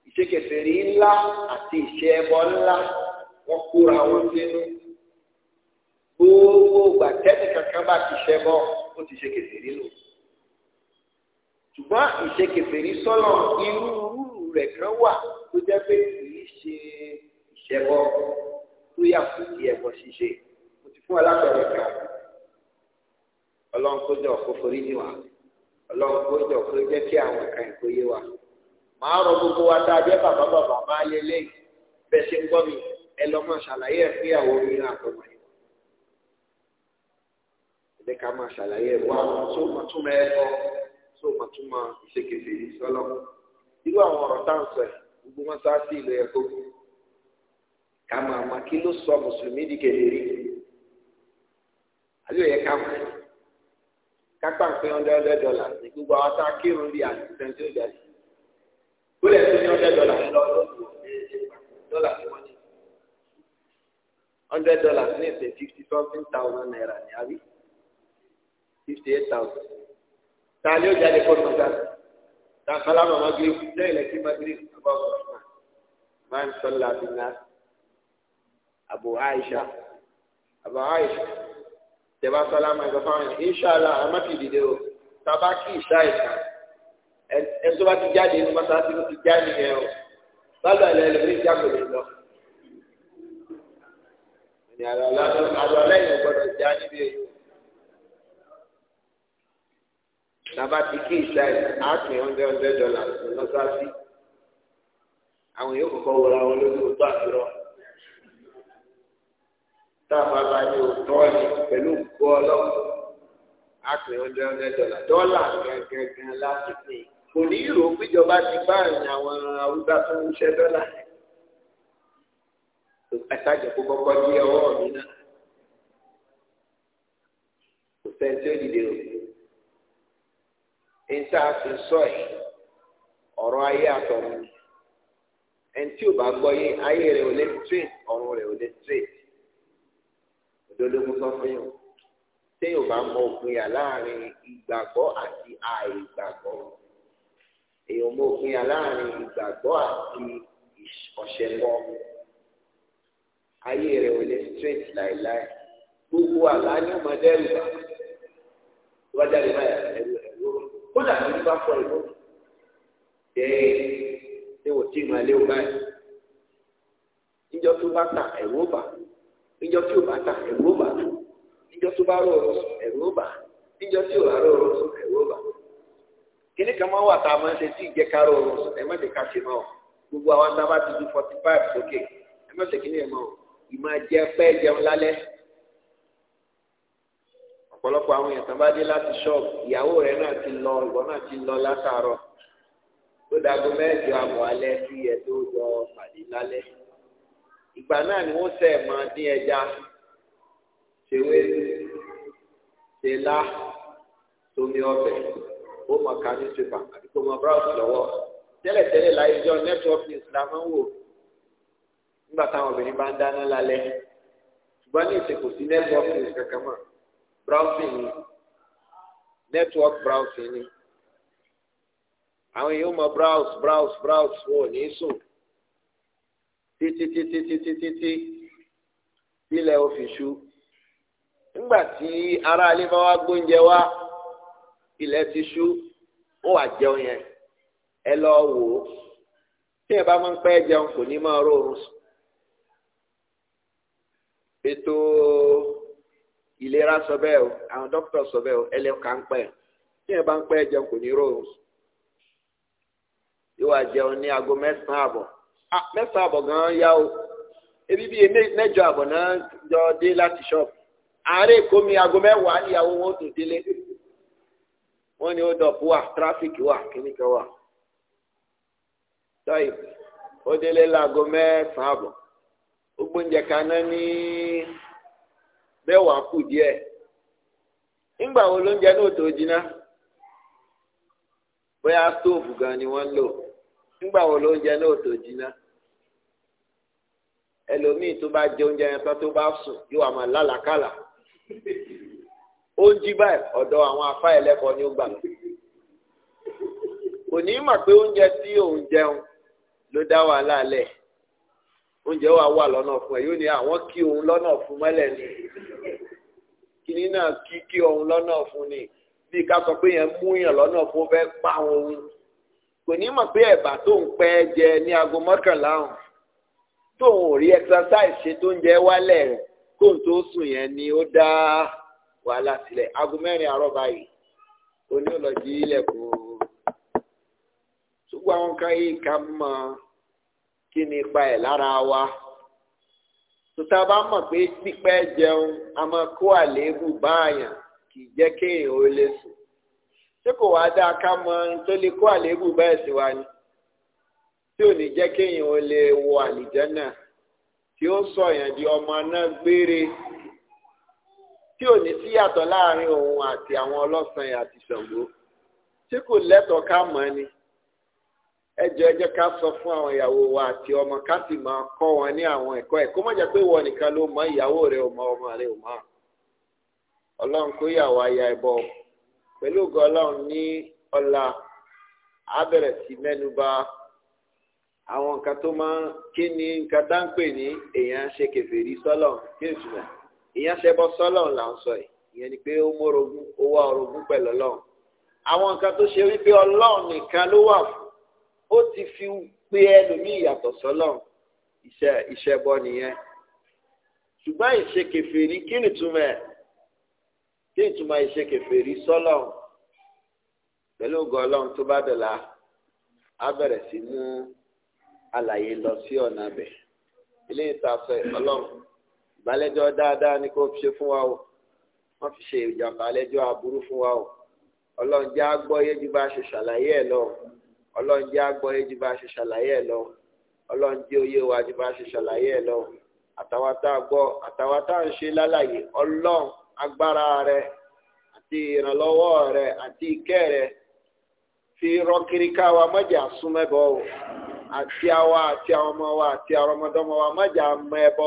ìṣèkètè rí ńlá gbogbo gbàtẹ́nì kankan bá ti ṣẹbọ ó ti ṣe kèsì ṣùgbọ́n ìṣekèfèrí sọ́lọ̀ irú rẹ̀ kan wà tó jẹ́ pé kìí ṣe ìṣẹ̀bọ tó yà fún ti ẹ̀bọ ṣíṣe kò ti fún alápẹ̀rẹ̀ kan ọlọ́run kó jọ kó forí ní wa ọlọ́run kó jọ kó jẹ́ kí àwọn kan ìkó yé wa màá rọ gbogbo wa tá a jẹ́ bàbá bàbá máa lé lẹ́yìn bẹ́ẹ̀ ṣe ń gbọ́ mi ẹ lọ́ máa ṣàlàyé ẹ̀ fún ìyàwó mi náà pẹ̀lú ẹ̀ ẹ̀ ká máa ṣàlàyé ẹ̀ wá tó mọ̀ tó mọ̀ tó mọ̀ tún mọ ìṣèkèsè yìí sọ́lọ́ irú àwọn ọ̀rọ̀ tá à ń sọ ẹ̀ gbogbo wọn sá sí ilẹ̀ ẹ̀kọ́ ká máa ma kí ló sọ mùsùlùmí di kèfèrí àbí òye ká mọ̀ kápá nǹkan hundred hundred dollars ní gbogbo àwọn tá a kírun bí àtìsẹ́ni tí ó jà sí gbọ́dọ̀ tó ní hundred dollars lọ lọ́dún dọ́là ni wọ́n ní hundred dollars ní ìsìn fifty something thousand naira ní àbí fifty eight thousand ta ni ó jáde kó mọ̀tà ta sálámà magiri lẹ́yìn lẹ́kí magiri abọ́gọ́ máa ń sọ láti ná Abu Aisha Abu Aisha tẹ̀bá sálámà ẹ̀gbọ́n fáwọn inṣàlá àmọ́tì dìde o tàbá kí ìṣá ìta ẹ̀ tó bá ti jáde ní mọ́tàtí ló ti jáde yẹn o lọ́dọ̀ ẹ̀ lẹ́nu ní ìjágbó lọ. Ìyàrá ọ̀la lẹ́yìn ọgbọ́dọ̀ já níbi èyí. tàbá ti kí ìṣá yìí á pín hundred hundred dollars lọ́sàásì àwọn yóò kọ́kọ́ wọra wọn lórí òtó àfihàn táàbà bá ní òtó ni pẹ̀lú òkú ọlọ́run á pín hundred hundred dollars dọ́là gangan láti pín kò ní ìrò péjọba ti bá àyìn àwọn arúgbó tó ń ṣe dọ́là ẹ̀sájẹ̀ kó kọ́kọ́ dí ọwọ́ mi náà kò sẹ́ńtì ó dìde òkú níta ti sọ yìí ọ̀rọ̀ ayé àtọ̀run ẹni tí ò bá gbọ́ yé ayé rẹ̀ ò lè straight ọ̀run rẹ̀ ò lè straight òdodo mo sọ fún yín tí ò bá mọ òpin yà láàrin ìgbàgbọ́ àti àìgbàgbọ́ èèyàn mọ òpin yà láàrin ìgbàgbọ́ àti ọ̀ṣẹ̀gbọ́ ayé rẹ̀ ò lè straight láìláì gbogbo àlá ni ó máa dẹ́rù bá báyà ẹ̀rù kódà tó ní bá fọ ìbò ṣe ṣe wò tí ìmọ̀ ẹlẹ́wò báyìí níjọ́ tó bá ta ẹ̀rọ bà níjọ́ tí ò bá ta ẹ̀rọ bà níjọ́ tó bá rọrùn sùn ẹ̀rọ bà níjọ́ tí ò bá rọrùn sùn ẹ̀rọ bà kíní kan máa wà tá a máa ń ṣe tí ìjẹ́ ká rọrùn sùn ẹ̀ má lè ká ṣe náà gbogbo àwọn tá a bá ti di forty five sókè ẹ̀ má ṣe kíní ẹ̀ mọ́ ìmọ̀ ẹ̀jẹ̀ pẹ́ jẹun lálẹ́ ọ̀pọ̀lọpọ̀ àwọn èèyàn tán bá dé láti ṣọ́ọ̀bù ìyàwó rẹ̀ náà ti lọ ìwọ náà ti lọ látàárọ̀ tó dago mẹ́jọ àbọ̀ alẹ́ sí ẹ tó yọ pàdé lálẹ́ ìgbà náà ni wọ́n sẹ̀ máa dín ẹja ṣèwé ṣèlá tómi ọbẹ̀ ó mọ̀ ká ní ṣèpà àti kò mọ̀ bráùsì lọ́wọ́ tẹ́lẹ̀tẹ́lẹ̀ láyéjọ́ network news la máa ń wò nígbà táwọn obìnrin bá ń dáná lálẹ́ ṣùgbọ́n ní ìsìnkú sí network kankan mọ́ browsing ni network browsing ni àwọn èèyàn mọ browse browse browse wò ní sùn títí títí títí títí ilẹ̀ ó fi ṣú nígbà tí ará ilé bá wá gbóúnjẹ wá ilẹ̀ ti ṣú ó wà jẹun yẹn ẹ lọ wò ó tí ẹ bá máa ń pẹ́ jẹun kò ní máa rọrùn sùn ètò ìlera sọ bẹ́ẹ̀ o àwọn dókítà sọ bẹ́ẹ̀ o ẹlẹ́ka ń pẹ́ tí ẹ bá ń pẹ́ jẹun kò ní rose yóò wá jẹun ní aago mẹ́sàn-án àbọ̀ ah mẹ́sàn-án àbọ̀ gan-an yá o ebi bíi mẹ́jọ àbọ̀ náà jọ dé láti ṣọ́ọ̀bù àárẹ̀ èkó mi aago mẹ́wàá níyàwó wọn tó délé wọ́n ní ó dọ̀pù wà tráfíkì wà kíníkan wà tọ́yì ó délé láago mẹ́sàn-án àbọ̀ ó gbóúnjẹ kaná ní. mẹ́wàá kù díẹ̀ nígbà wo lóúnjẹ náà tó jiná bóyá gan ni wọ́n ń lò nígbà wo lóúnjẹ náà tó jiná ẹlòmíì tó bá jẹ oúnjẹ yẹn tó bá sùn yóò wà máa lálàkàlà ó ń jí báyìí ọ̀dọ̀ àwọn afá ẹlẹ́kọ̀ọ́ ni ó gbà ounje kò ní í mọ̀ pé oúnjẹ tí oúnjẹ wa wà lọ́nà fún ẹ yóò ní àwọn kí òun lọ́nà fún mọ́lẹ̀ ni kìnní náà kí kí òun lọ́nà fún ni bí ká sọ pé yẹn mú yàn lọ́nà fún fẹ́ pa òun kò ní mọ̀ pé ẹ̀bà tó ń pẹ́ jẹ ní aago mọ́kànlá ọ̀hún tóun ò rí exercise ṣe tó ń jẹ wálẹ̀ rẹ̀ kóun tó sùn yẹn ni ó dá wàhálà sílẹ̀ aago mẹ́rin àárọ̀ báyìí oní ọ̀lọ́jì ilẹ̀ kò ṣùgbọ́n àwọn kan yìí ká mọ́ ọ kí ni ipa ẹ̀ lára wa tuta bá mọ̀ pé pípẹ́ jẹun a máa kó àléébù báàyàn kì í jẹ́ kéèyàn ó lè sùn ṣé kò wá dáa ká mọ tó lè kó àléébù bẹ́ẹ̀ sí wa ni tí ò ní jẹ́ kéèyàn ó lè wọ àlìjẹ́nà tí ó sọ̀yàn di ọmọ náà gbére tí ò ní síyàtọ̀ láàrin òun àti àwọn ọlọ́sàn àti ṣàngó tí kò lẹ́tọ̀ọ́ ká mọ̀ ni. ẹjọ ẹjẹ ká sọ fún àwọn ìyàwó wa àti ọmọ ká sì máa wọn ní àwọn ẹ̀kọ́ ẹ̀ kó má pé wọn nìkan ló mọ ìyàwó rẹ ò ọmọ rẹ ò ọlọ́run kó yàwó aya ẹbọ ọlọ́run ní sí àwọn nǹkan tó máa kí ni nǹkan ní èèyàn ṣe kí èèyàn là ń sọ ni pé ó orogún ó ti fi pé ẹlòmíì yàtọ̀ sọ́lọ̀ iṣẹ́ iṣẹ́ bọ́ nìyẹn ṣùgbọ́n ìṣe kèfèrí kí ni túmọ̀ ẹ̀ kí ni túmọ̀ ìṣe kèfèrí sọ́lọ̀ pẹ̀lú ògo ọlọ́run tó bá dọ̀la á bẹ̀rẹ̀ sí mú àlàyé lọ sí ọ̀nà bẹ̀ ilé ìtàsọ ọlọ́run ìbálẹ́jọ́ dáadáa ni kò fi ṣe fún wa o wọ́n fi ṣe ìjàmbá lẹ́jọ́ aburú fún wa o ọlọ́run jẹ́ àgbọ́yé ju bá ṣe ṣàlàyé ẹ̀ lọ. ọlọ́run agbọ́ yé bá a ṣe ṣàlàyé lọ wa ṣe ṣàlàyé lọ gbọ́ ń ṣe lálàyé agbára rẹ àti ìrànlọ́wọ́ rẹ àti ìkẹ́ rẹ fi rọkiri wa mọ́jà o àti àwa àti wa àti àwọn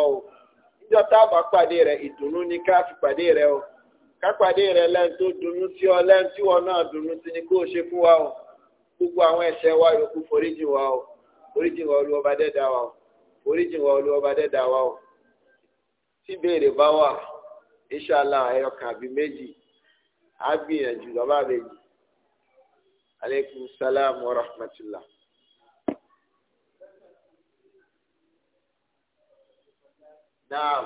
o tá rẹ ìdùnnú ni ká rẹ o ká rẹ lẹ́nu tó dunnú sí ọ lẹ́nu tí wọn o. gbogbo àwọn ẹ̀ṣẹ̀ wa yòókù foríjì wa o foríjì wa olúwọba dẹ́dà wa o foríjì wa olúwọba dẹ́dà wa o tí béèrè bá wà inshallah ẹyọkàn àbí méjì á gbìyànjú lọ́ba méjì aleykum salaam wa rahmatulah. Naam.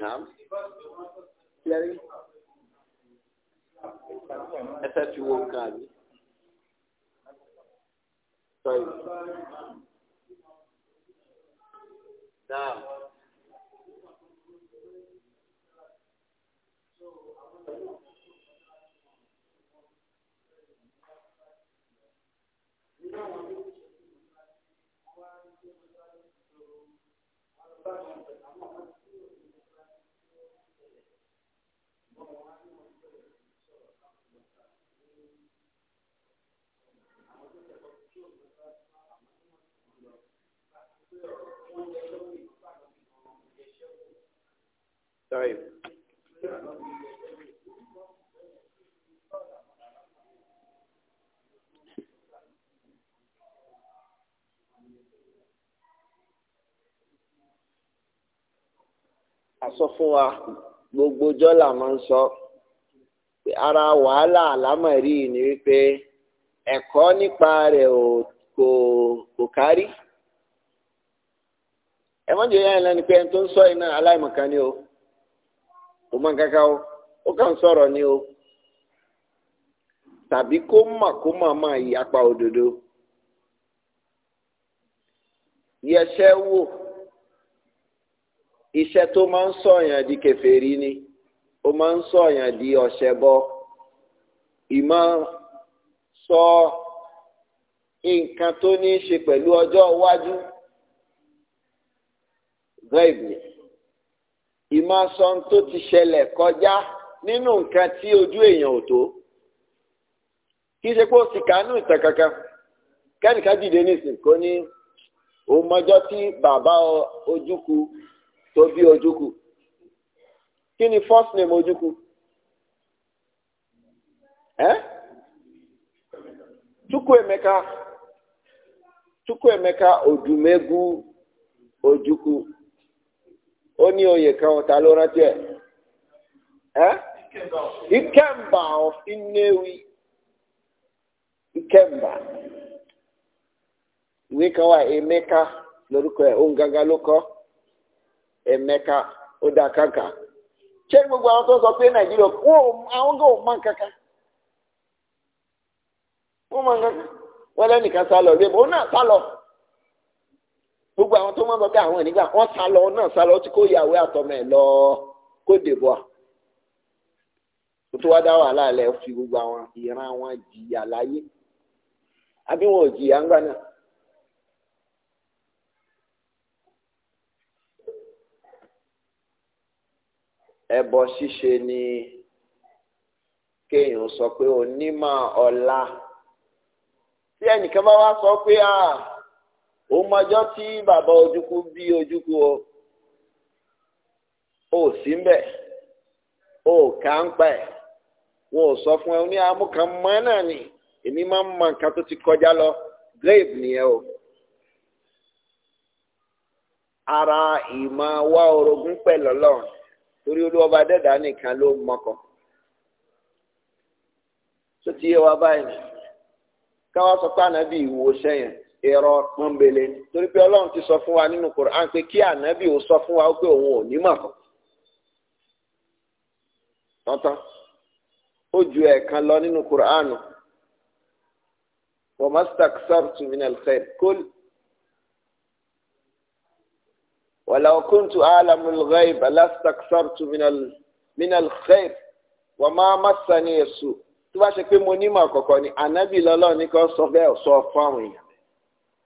Naam. clearing except you won't carry. Sorry. Now. Tá. طيب àsọ fún wa gbogbo jọ́là máa ń sọ pé ara wàhálà àlámọ̀rí ni wípé ẹ̀kọ́ nípa rẹ̀ kò kò kárí ẹ mọ̀jọ́ yẹn lẹ́nu pé ẹni tó ń sọ iná aláìmọ̀kan ni o. o ma nǹkan kan o ó kàn sọ̀rọ̀ ni o tàbí kó mà kó mà máa yí òdodo yẹsẹ wò iṣẹ́ tó máa ń sọ̀yàn di kèfèrí ni ó máa ń sọ̀yàn di ọ̀ṣẹbọ ìmọ̀ sọ nǹkan tó ní í ṣe pẹ̀lú ọjọ́ iwájú ìmọ̀sán tó ti ṣẹlẹ̀ kọjá nínú nǹkan tí ojú èèyàn ò tó kì í ṣe pé ó sì kánú ìtàn kankan kẹ́nìkan dìde nísìn kó ní òun mọjọ́ tí bàbá ojúku tó bí ojúku kí ni first name ojúku ẹ́ Chukwuemeka Chukwuemeka Odumegwu Ojukwu. ó ní oyè kan ọ̀tá ló rántí ẹ̀ ẹ́ ìwé kan wà Emeka lórúkọ ẹ̀ gangan ló kọ́ Emeka ó dá kàkà ṣé gbogbo àwọn tó sọ pé Nàìjíríà àwọn gan ò mọ kankan wọ́n mọ kankan wọ́n lẹ́nìkan sá lọ bò ó náà sá lọ. gbogbo àwọn tó máa ń lọ bí àwọn ìnígbà wọn sá lọ náà sá lọ tí kò yàwé àtọmọ ẹ lọ kó dèbò à kó tó wá dá wàhálà lẹ fi gbogbo àwọn ìran wọn jìyà láyé àbí wọn ò jìyà ńgbà náà. ẹbọ ṣíṣe ni kéèyàn sọ pé onímọ̀ ọ̀la tí ẹnìkan bá wá sọ pé ah ó mọjọ́ tí bàbá ojúkú bí ojúkú o ò sí ń bẹ̀ ò ká ń pa ẹ̀ wọn ò sọ fún ẹ ní amúkànmọ́ náà ni èmi máa ń mọ nǹkan tó ti kọjá lọ grave nìyẹn o ara ìmọ̀ wá orogún pẹ̀lú ọlọ́run torí olúwọba dẹ́dà nìkan ló mọkàn tó ti yé wa báyìí káwá sọ pé ànábì ìwòsàn yẹn irọ́ pọ́nbélé torí pé ọlọ́run ti sọ fún wa nínú Qur'an pé kí ànábì ò sọ fún wa pé òun ò ní mọ̀ tọ́tán ó ju ẹ̀ẹ̀kan lọ nínú Qur'an wa mastakfartu minal khair kul walaw kuntu a'lamul ghaiba lastakfartu minal khair wa ma massani yasu tó bá ṣe pé mo nímọ̀ kọ̀kọ̀ ni ànábì lọ́lọ́run ní kó sọ bẹ́ẹ̀ sọ fáwọn èèyàn.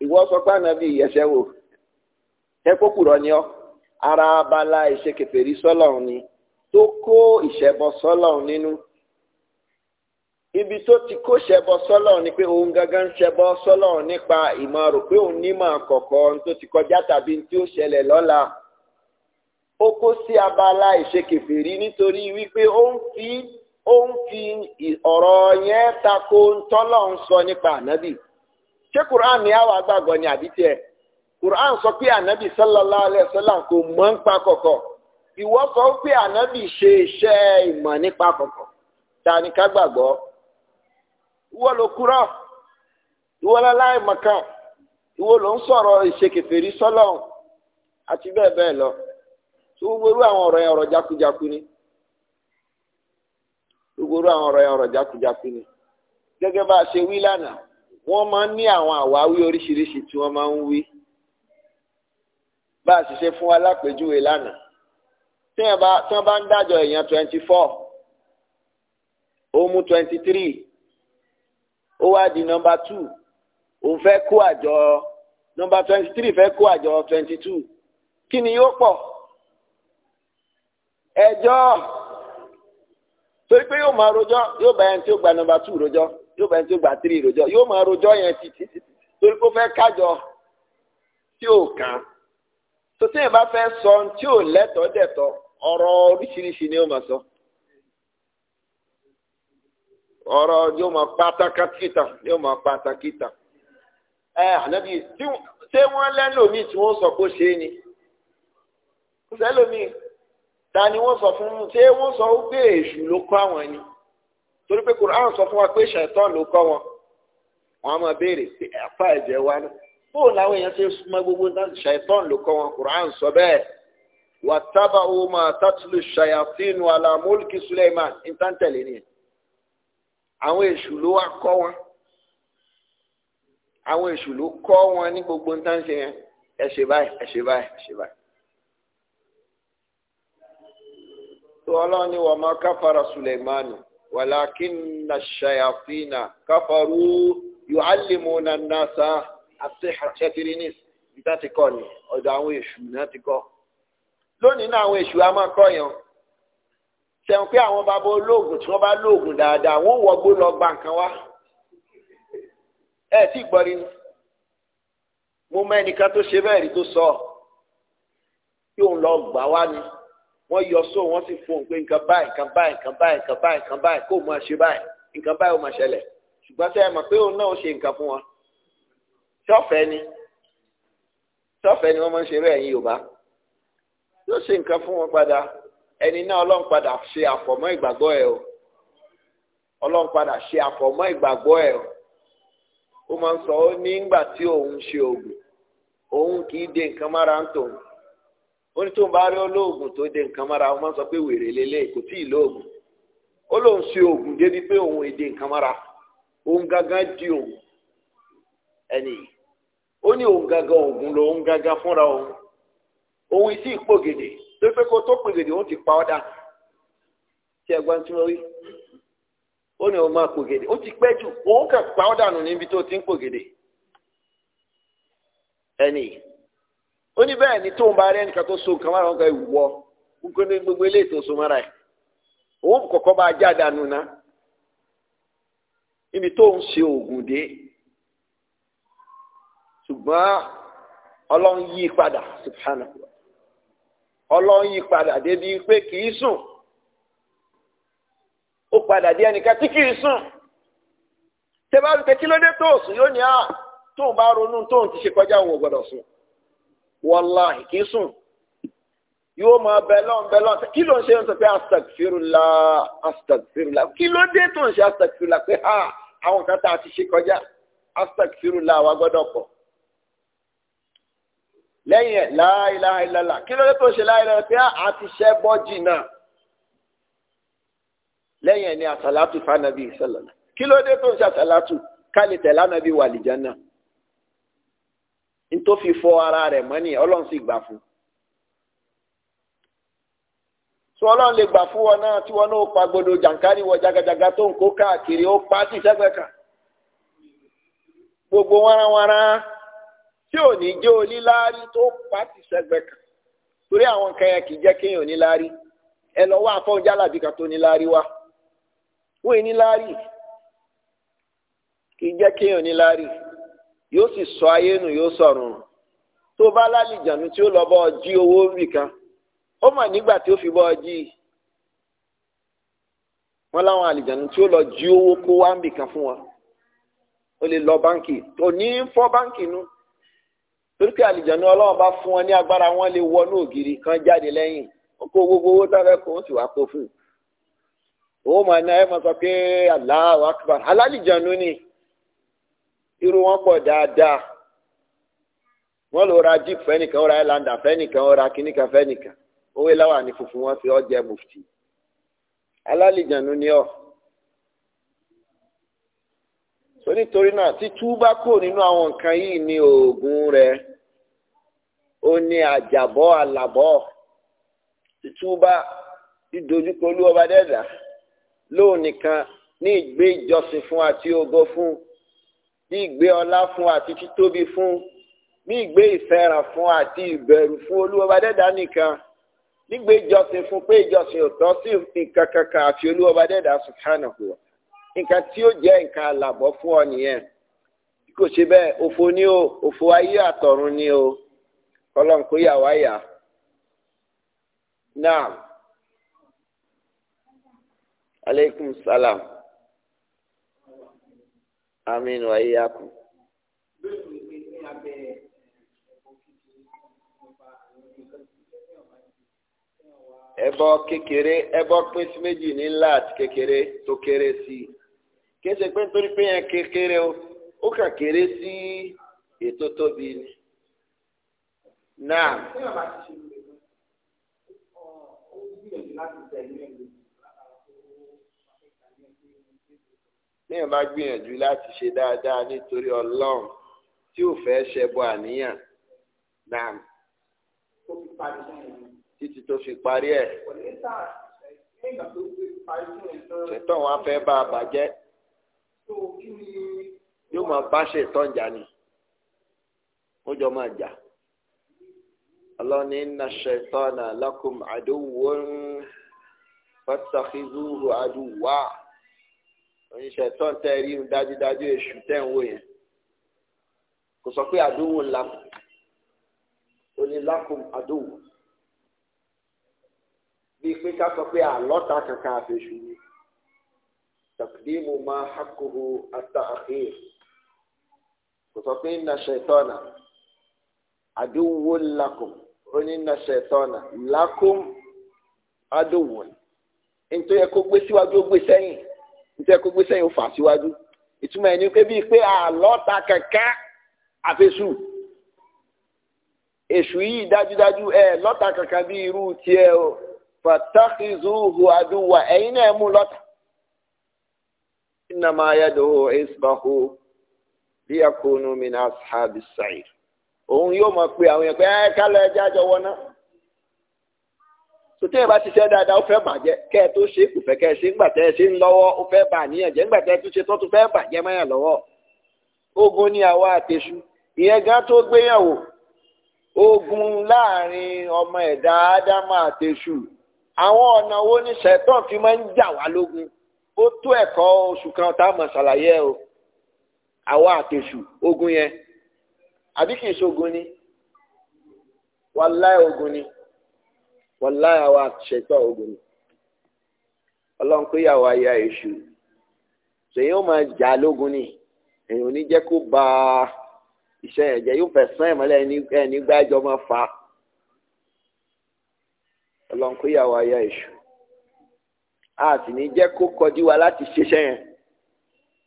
ìwọ sọ pé ànábì ìyẹsẹ̀ wò tẹ́kọ̀kùrọ̀ ni ọ, ara abala ìṣekèfèrí sọlọrun ni tó kó ìṣẹ̀bọ sọlọrun nínú ibi tó ti kó ṣẹbọ sọ́lọ́run ni pé òun gangan ń ṣẹbọ sọ́lọ́run nípa ìmọ̀ rò pé òun nímọ̀ kọ̀kọ́ ohun tó ti kọjá tàbí ohun tí ó ṣẹlẹ̀ lọ́la ó kó sí abala ìṣekèfèrí nítorí wípé ó ń fi ó ń fi ọ̀rọ̀ yẹn tako ohun tọ́lọ́run sọ nípa ànábì. ṣé quran ni àwọn agbàgbọ́ ni àbí tiẹ̀ quran sọ pé anabi sallallahu alayhi wa sallam kò mọ̀ pa kọ̀kọ̀ ìwọ sọ pé anabi ṣe iṣẹ́ ìmọ̀ nípa kọ̀kọ̀ ta ni ká gbàgbọ́ ìwọ ló kúrọ̀ ìwọ ọ mọ̀kàn ìwọ ló ń sọ̀rọ̀ ìṣekèfèrí sọ́lọ́hún àti bẹ́ẹ̀ bẹ́ẹ̀ lọ tó gbogbo àwọn ọ̀rọ̀ yẹn ọ̀rọ̀ jákujáku ni gbogbo àwọn ọ̀rọ̀ yẹn ọ̀rọ̀ jákujáku ni gẹ́gẹ́ bá a ṣe wí lánàá. wọ́n máa ń ní àwọn àwáwí oríṣiríṣi tí wọ́n máa ń wí bá a sì ṣe fún alápèjúwe lánàá tí wọ́n bá ń dájọ́ èèyàn twenty four ó twenty three ó wá di nọ́mbà two òun fẹ́ kó àjọ nọ́mbà twenty three fẹ́ kó àjọ twenty two kí ni yóò pọ̀ ẹjọ́ torí pé yóò máa rojọ́ yóò bá ẹni tí ó gba nọ́mbà two rojọ́ yóò bá ẹni tó gbà tírì rojọ́ yóò máa rojọ́ yẹn títí torí kó fẹ́ kájọ tí ò kàn tó tí yẹn bá fẹ́ sọ tí ò lẹ́tọ̀ọ́ dẹ̀tọ̀ ọ̀rọ̀ oríṣiríṣi ni ó máa sọ ọ̀rọ̀ yóò máa pátákìtà yóò máa pátákìtà ẹ ànábi ṣé wọ́n lẹ́lòmíì tí wọ́n sọ kó ṣe é ni kò sẹ́lòmíì ta ni wọ́n sọ fún ṣé wọ́n sọ ó gbé èṣù ló kọ́ àwọn ni torí pé Quran sọ fún wa pé ṣẹ̀tọ́n ló kọ́ wọn wọn á máa béèrè pé àfa ẹ̀jẹ̀ wa ni fóònù làwọn èèyàn ṣe súnmọ́ gbogbo náà ṣẹ̀tọ́n ló kọ́ wọn Quran sọ bẹ́ẹ̀ wàtábà ọmọ àtàtúlù ṣayàtìnú alamólùkì Suleiman ìtàntẹ̀lẹ̀ ni àwọn èṣù ló wá kọ́ wọn àwọn èṣù ló kọ́ wọn ní gbogbo nǹkan ṣe yẹn ẹ ṣe báyìí ẹ ṣe báyìí ẹ ṣe báyìí. tó ọlọ́run ni máa káfara Suleimanu ولكن الشياطين كفروا يعلمون الناس السحر شاكرينيس ìtàtí kọ́ ni ọ̀dọ̀ àwọn èṣù náà ti kọ́ lónìí náà àwọn èṣù a máa kọ́ yẹn sẹ̀wọ̀n pé àwọn bàbá olóògùn tí wọ́n bá lóògùn dáadáa wọ́n wọgbó lọ gba nǹkan wá ẹ tí ì gbọ́rí mo mọ ẹnìkan tó ṣe bẹ́ẹ̀ rí tó sọ yóò lọ gbà wá ni wọ́n yọ só wọ́n sì fún un pé nǹkan báyìí nǹkan báyìí nǹkan báyìí nǹkan báyìí nǹkan báyìí kó máa ṣe báyìí nǹkan báyìí ó máa ṣẹlẹ̀ ṣùgbọ́n sẹ́yìn mọ̀ pé òun náà ó ṣe nǹkan fún wọn ṣọ́ọ̀fẹ́ ni ṣọ́ọ̀fẹ́ ni wọ́n máa ń ṣeré ẹ̀yin Yorùbá yóò ṣe nǹkan fún wọn padà ẹni náà Ọlọ́run padà ṣe àfọ̀mọ́ ìgbàgbọ́ ẹ̀ o Ọlọ́run padà ṣe àfọ̀mọ́ ìgbàgbọ́ ẹ̀ o ó máa ń sọ ó nígbà tí òun ṣe òògùn òun kì í de nǹkan mára ń tòun ó ní tó ń bá rí olóògùn tó de nǹkan sọ pé wèrè lélẹ̀ kò tí ì lóògùn ó lóun ṣe oògùn débi pé òun èdè nǹkan mọ́ra òun gangan di òun ẹnì ó ní òun gangan oògùn lọ òun gangan fúnra òun òun ìsì ìpògèdè tó pé kó tó pògèdè òun ti pa ọ́ dà tí ẹgbọ́n tí wọ́n rí ó ní òun máa pògèdè ó ti pẹ́ jù òun pa ti ń ó ní bẹ́ẹ̀ ni tóun bá rí so nǹkan mára wọn kan gbogbo ele eto so mara ẹ̀ òun kọ̀kọ́ bá já dànù ná níbi tóun ṣe oògùn dé ṣùgbọ́n ọlọ́run yí padà subhanahu ọlọ́run yí padà débi pé kì í sùn ó padà dé ẹnìkan tí kì í sùn tẹ bá rí pé kí ló dé tó sùn yóò ní à ah, tóun bá ronú tóun ti ṣe kọjá òun ò gbọdọ̀ wàláhì kì í sùn yóò máa bẹlọ́n bẹlọ́n kí ló ń ṣe ń sọ pé astagfirula astagfirula kí ló dé tó ń ṣe astagfirula pé ha àwọn kan tá a ti ṣe kọjá astagfirula wa gbọ́dọ̀ pọ̀ lẹ́yìn ẹ̀ láìláìlálà kí ló dé tó ń ṣe láìláìlálà pé a ti ṣẹ́ bọ́jì náà lẹ́yìn ẹ̀ ni àsàlátù fanabi sọlọ́lá kí ló dé tó ń ṣe àsàlátù ká lè tẹ̀lé nítòfi fọ ara rẹ̀ mọ́ nìyẹn ọlọ́run sì gbà fún un tí ọlọ́run lè gbà fún wọn náà tí wọn náà pa gbọdọ jàǹkárí wọ jagajaga tó ń kó káàkiri ó pa sí sẹ́gbẹ̀ẹ́ kan gbogbo wárawára tí ò ní jẹ́ oníláárí tó pa sí sẹ́gbẹ̀ẹ́ kan torí àwọn nǹkan yẹn kì í jẹ́ kéèyàn oníláárí ẹ lọ wá àfọ̀n jálàbí kan tó níláárí wá wọ́n oníláárí kì í jẹ́ kéèyàn oníláárí yóò sì sọ ayé nù yóò sọ̀rùn tó bá lálìjànú tí ó lọ bọ́ jí owó nìkan ó mọ nígbà tí ó fi bọ́ jí wọn láwọn àlìjànú tí ó lọ jí owó kó wá nìkan fún wa ó lè lọ báńkì tó ní fọ báńkì nu torí pé àlìjànú ọlọ́run bá fún wọn ní agbára wọn lè wọnú ògiri kan jáde lẹ́yìn ó kó gbogbo owó tá a fẹ́ kó ó sì wá kó fún un ó mọ̀ ní ayé mọ̀ sọ pé Allahu Akbar alálìjànú ni. irú wọn pọ̀ dáadáa wọ́n lọ ra jeep fẹ́nìkan ó ra islander fẹ́nìkan ó ra kìnnìkan fẹ́nìkan owó láwà ní funfun wọn fi ọjẹ mufti alálìjànú ni ọ so nítorí náà títú bá kò nínú àwọn nǹkan yìí ní oògùn rẹ̀ ó ní àjàbọ́ àlàbọ́ títú bá dídojúkọ olúwọba dẹ́dà lóun nìkan ní ìgbé ìjọsìn fún àti ògo fún un bí ìgbé ọlá fún àti títóbi fún bí ìgbé ìfẹ́ràn fún àti ìbẹ̀rù fún olúwọba dẹ́dà nìkan nígbè ìjọsìn fún pé ìjọsìn ò tọ́ sí nǹkan kankan àti olúwọba dẹ́dà subhanahu wa nǹkan tí ó jẹ́ nǹkan àlàbọ̀ fún ọ nìyẹn bí kò ṣe bẹ́ẹ̀ òfo ni o òfo ayé àtọ̀run ni o ọlọ́run kò yà wá yà náà aleykum salaam. Amin wa iyyakum. ẹbọ kekere ẹbọ pín sí méjì ní large kekere tó kéré sí i kéṣe pé nítorí pé yẹn kékeré o ó kà kéré sí ètò tóbi ni. náà. téèyàn bá gbìyànjú láti ṣe dáadáa nítorí ọlọ́run tí ò fẹ́ ṣẹbọ àníyàn náà títí tó fi parí ẹ̀ ṣètò wọn fẹ́ bá a bàjẹ́ yóò máa bá ṣètò ìjà ni ó jọ máa jà ọlọ́ni inna shaytana lakum aduwwun fatakhizuhu aduwwa oníṣẹ́ tán tẹ́ rí un dájúdájú èṣù tẹ́ ń wò yẹn kò sọ pé àdúgbò ńlá ó ní lákùn àdúgbò bíi pé ká sọ pé àlọ́ta kankan àfẹ́ṣù ni takdimu ma hakuhu ata akhir kò sọ pé inna shaitana àdúgbò lakum ó ní inna shaitana lakum àdúgbò nítorí ẹ kó gbé síwájú ó gbé sẹ́yìn. nítorí pé gbèsè fà síwájú ìtumọ̀ ẹni pé bíi pé àlọ́ta kẹ̀kẹ́ àfẹ́sù èṣù yìí dájúdájú ẹ lọ́ta kankan bíi irú tiẹ̀ o fatakizuhu aduwa ẹ̀yin náà mú lọ́ta. innama yaduhu isbahu liyakunu min ashabis sa'ir. òun yóò mọ̀ pé àwọn yẹn pé ẹ kálọ̀ ẹja jọ náà. tòtí ẹ bá ti ṣe dáadáa ó fẹ́ bàjẹ́ kẹ́ ẹ tó ṣe kò fẹ́ kẹ́ ẹ ṣe ńgbà tẹ́ ẹ ṣe ń lọ́wọ́ ó fẹ́ bà níyàn jẹ́ ńgbà tẹ́ ẹ tún ṣe tó tún fẹ́ bàjẹ́ mọ́yàn lọ́wọ́ ogun ni àwa àtẹ̀sù ìyẹn gan tó gbéyàwó ogun láàrin ọmọ ẹ̀dá ádámà àtẹ̀sù àwọn ọ̀nà wo ni sẹ̀tọ̀ fi máa ń jà wá lógun ó tó ẹ̀kọ́ oṣù kan tá a mọ̀ ṣàlàyé o àwa àtẹ̀sù ogun yẹn àbí kì í ṣogun wallahi àwa ṣètò ogun ọlọ́run pé yàwá ya èṣù ṣèyí ó máa jà lógun ni èyàn ò ní jẹ́ kó ba iṣẹ́ yẹn jẹ́ yóò fẹ́ sán ìmọ́lẹ̀ ẹni gbájọ máa fa ọlọ́run pé yàwá ya èṣù a sì ní jẹ́ kó kọjú wa láti ṣiṣẹ́ yẹn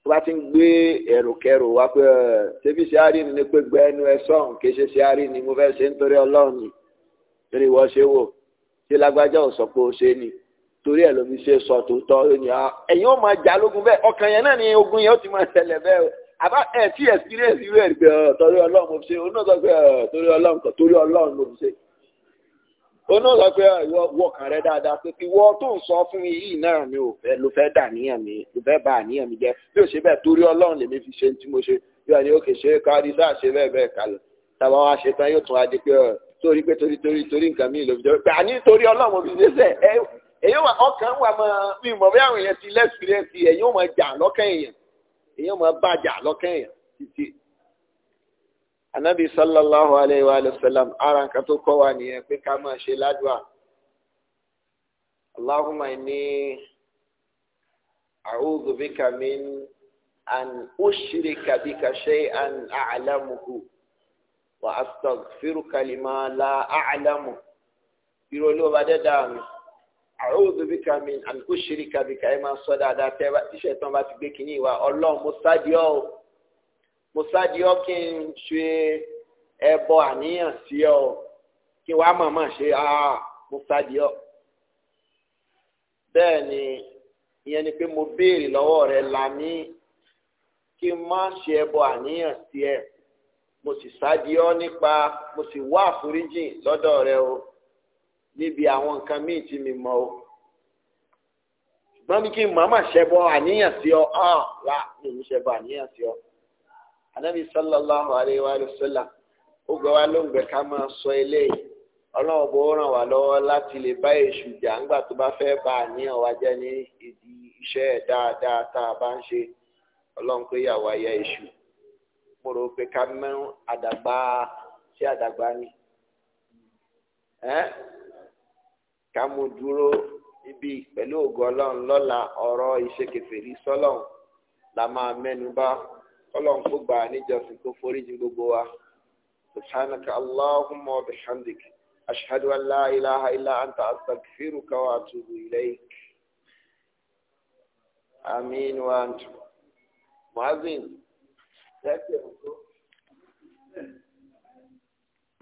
tó bá ti ń gbé ẹ̀rùkẹrù wá pé ṣébí ṣe á ni pé gbẹ ẹnu ẹ sọ̀hún kì ṣe ṣe á ni mo fẹ́ ṣe nítorí ọlọ́run ni torí wọ́n ṣe wò ṣé lágbájá ò sọ pé ó ṣe ni torí ẹ̀ lómi ṣe sọ tòótọ́ ẹni ah, ẹ̀yin ó máa jà lógun bẹ́ẹ̀ ọkàn yẹn náà ni ogun yẹn ó ti máa ṣẹlẹ̀ bẹ́ẹ̀ o àbá ẹ̀ tí experience irú ẹ̀ pé ah, torí ọlọ́run mo fi ṣe onú sọ pé ah, torí ọlọ́run kan torí ọlọ́run mo fi ṣe onú sọ pé ìwọ wọkàn rẹ dáadáa pé ìwọ tó ń sọ fún mi yìí náà mi ò fẹ́ ló fẹ́ dà níyàn mi ló fẹ́ bà níyàn mi jẹ́ bí ó ṣe bẹ́ẹ̀ torí ọlọ́run lèmi fi ṣe ní tí mo ṣe yóò ní ó kè ṣe é sáà ṣe bẹ́ẹ̀ bẹ́ẹ̀ kalẹ̀ tàbá wa ṣe tán yóò tún adé pé torí pé torí torí torí nǹkan mi lòbí jẹ́ pé àní torí ọlọ́run òbí ṣe sẹ́ ẹ èyí wọn ọkàn wà mọ mi mọ bí àwọn èèyàn ti lẹ́sìrẹ́sì èyí wọn jà lọ́kàn èèyàn èyí wọn bàjà lọ́kàn èèyàn títí. anabi sallallahu alayhi wa sallam ara nǹkan tó kọ́ wa nìyẹn pé ká máa ṣe ládùá allahumma inni a'udhu bika min an ushrika bika shay'an a'lamuhu wà á astaghfiruka lima la a'lamu ìrọ̀lẹ́ ọba dẹ́dá mi a'udhu bika min an ushrika bika ẹ̀ máa sọ dáadáa tẹ́ tíṣẹ̀ tán bá ti gbé kínní ìwà ọlọ́run mo sádìọ́ o mo sádìọ́ kí n ṣe ẹbọ àníyàn sí ọ kí wàá màmá ṣe mo bẹ́ẹ̀ ni ìyẹn ni pé mo béèrè lọ́wọ́ rẹ̀ lànà kí n má ṣe ẹbọ àníyàn sí ẹ. mo sì sádi ọ nípa mo sì wá àforíjì lọ́dọ̀ rẹ o níbi àwọn nǹkan míì tí mi mọ o ṣùgbọ́n ní kí n màmá aniyan àníyàn sí ọ hàn rà ní aniyan ṣẹbọ àníyàn ọ anabi sallallahu alayhi wa sallam ó gbọ́ wá ló ń gbẹ ká máa sọ eléyìí ọlọ́run bó ràn wá lọ́wọ́ láti lè bá èṣù jà ńgbà tó bá fẹ́ bá àníyàn wa jẹ́ ní ìdí iṣẹ́ dáadáa tá a bá ń ṣe ọlọ́run pé yà wá mo rò pé ká mẹ́rún si sí ni ká mo dúró níbi pẹ̀lú ògo ọlọ́run lọla ọrọ ìṣekèfèrí sọ́lọ́run la máa mẹ́nu bá ọlọ́run kó gbà níjọsìn gbogbo wa ilaha ila anta astaghfiruka wa ya ce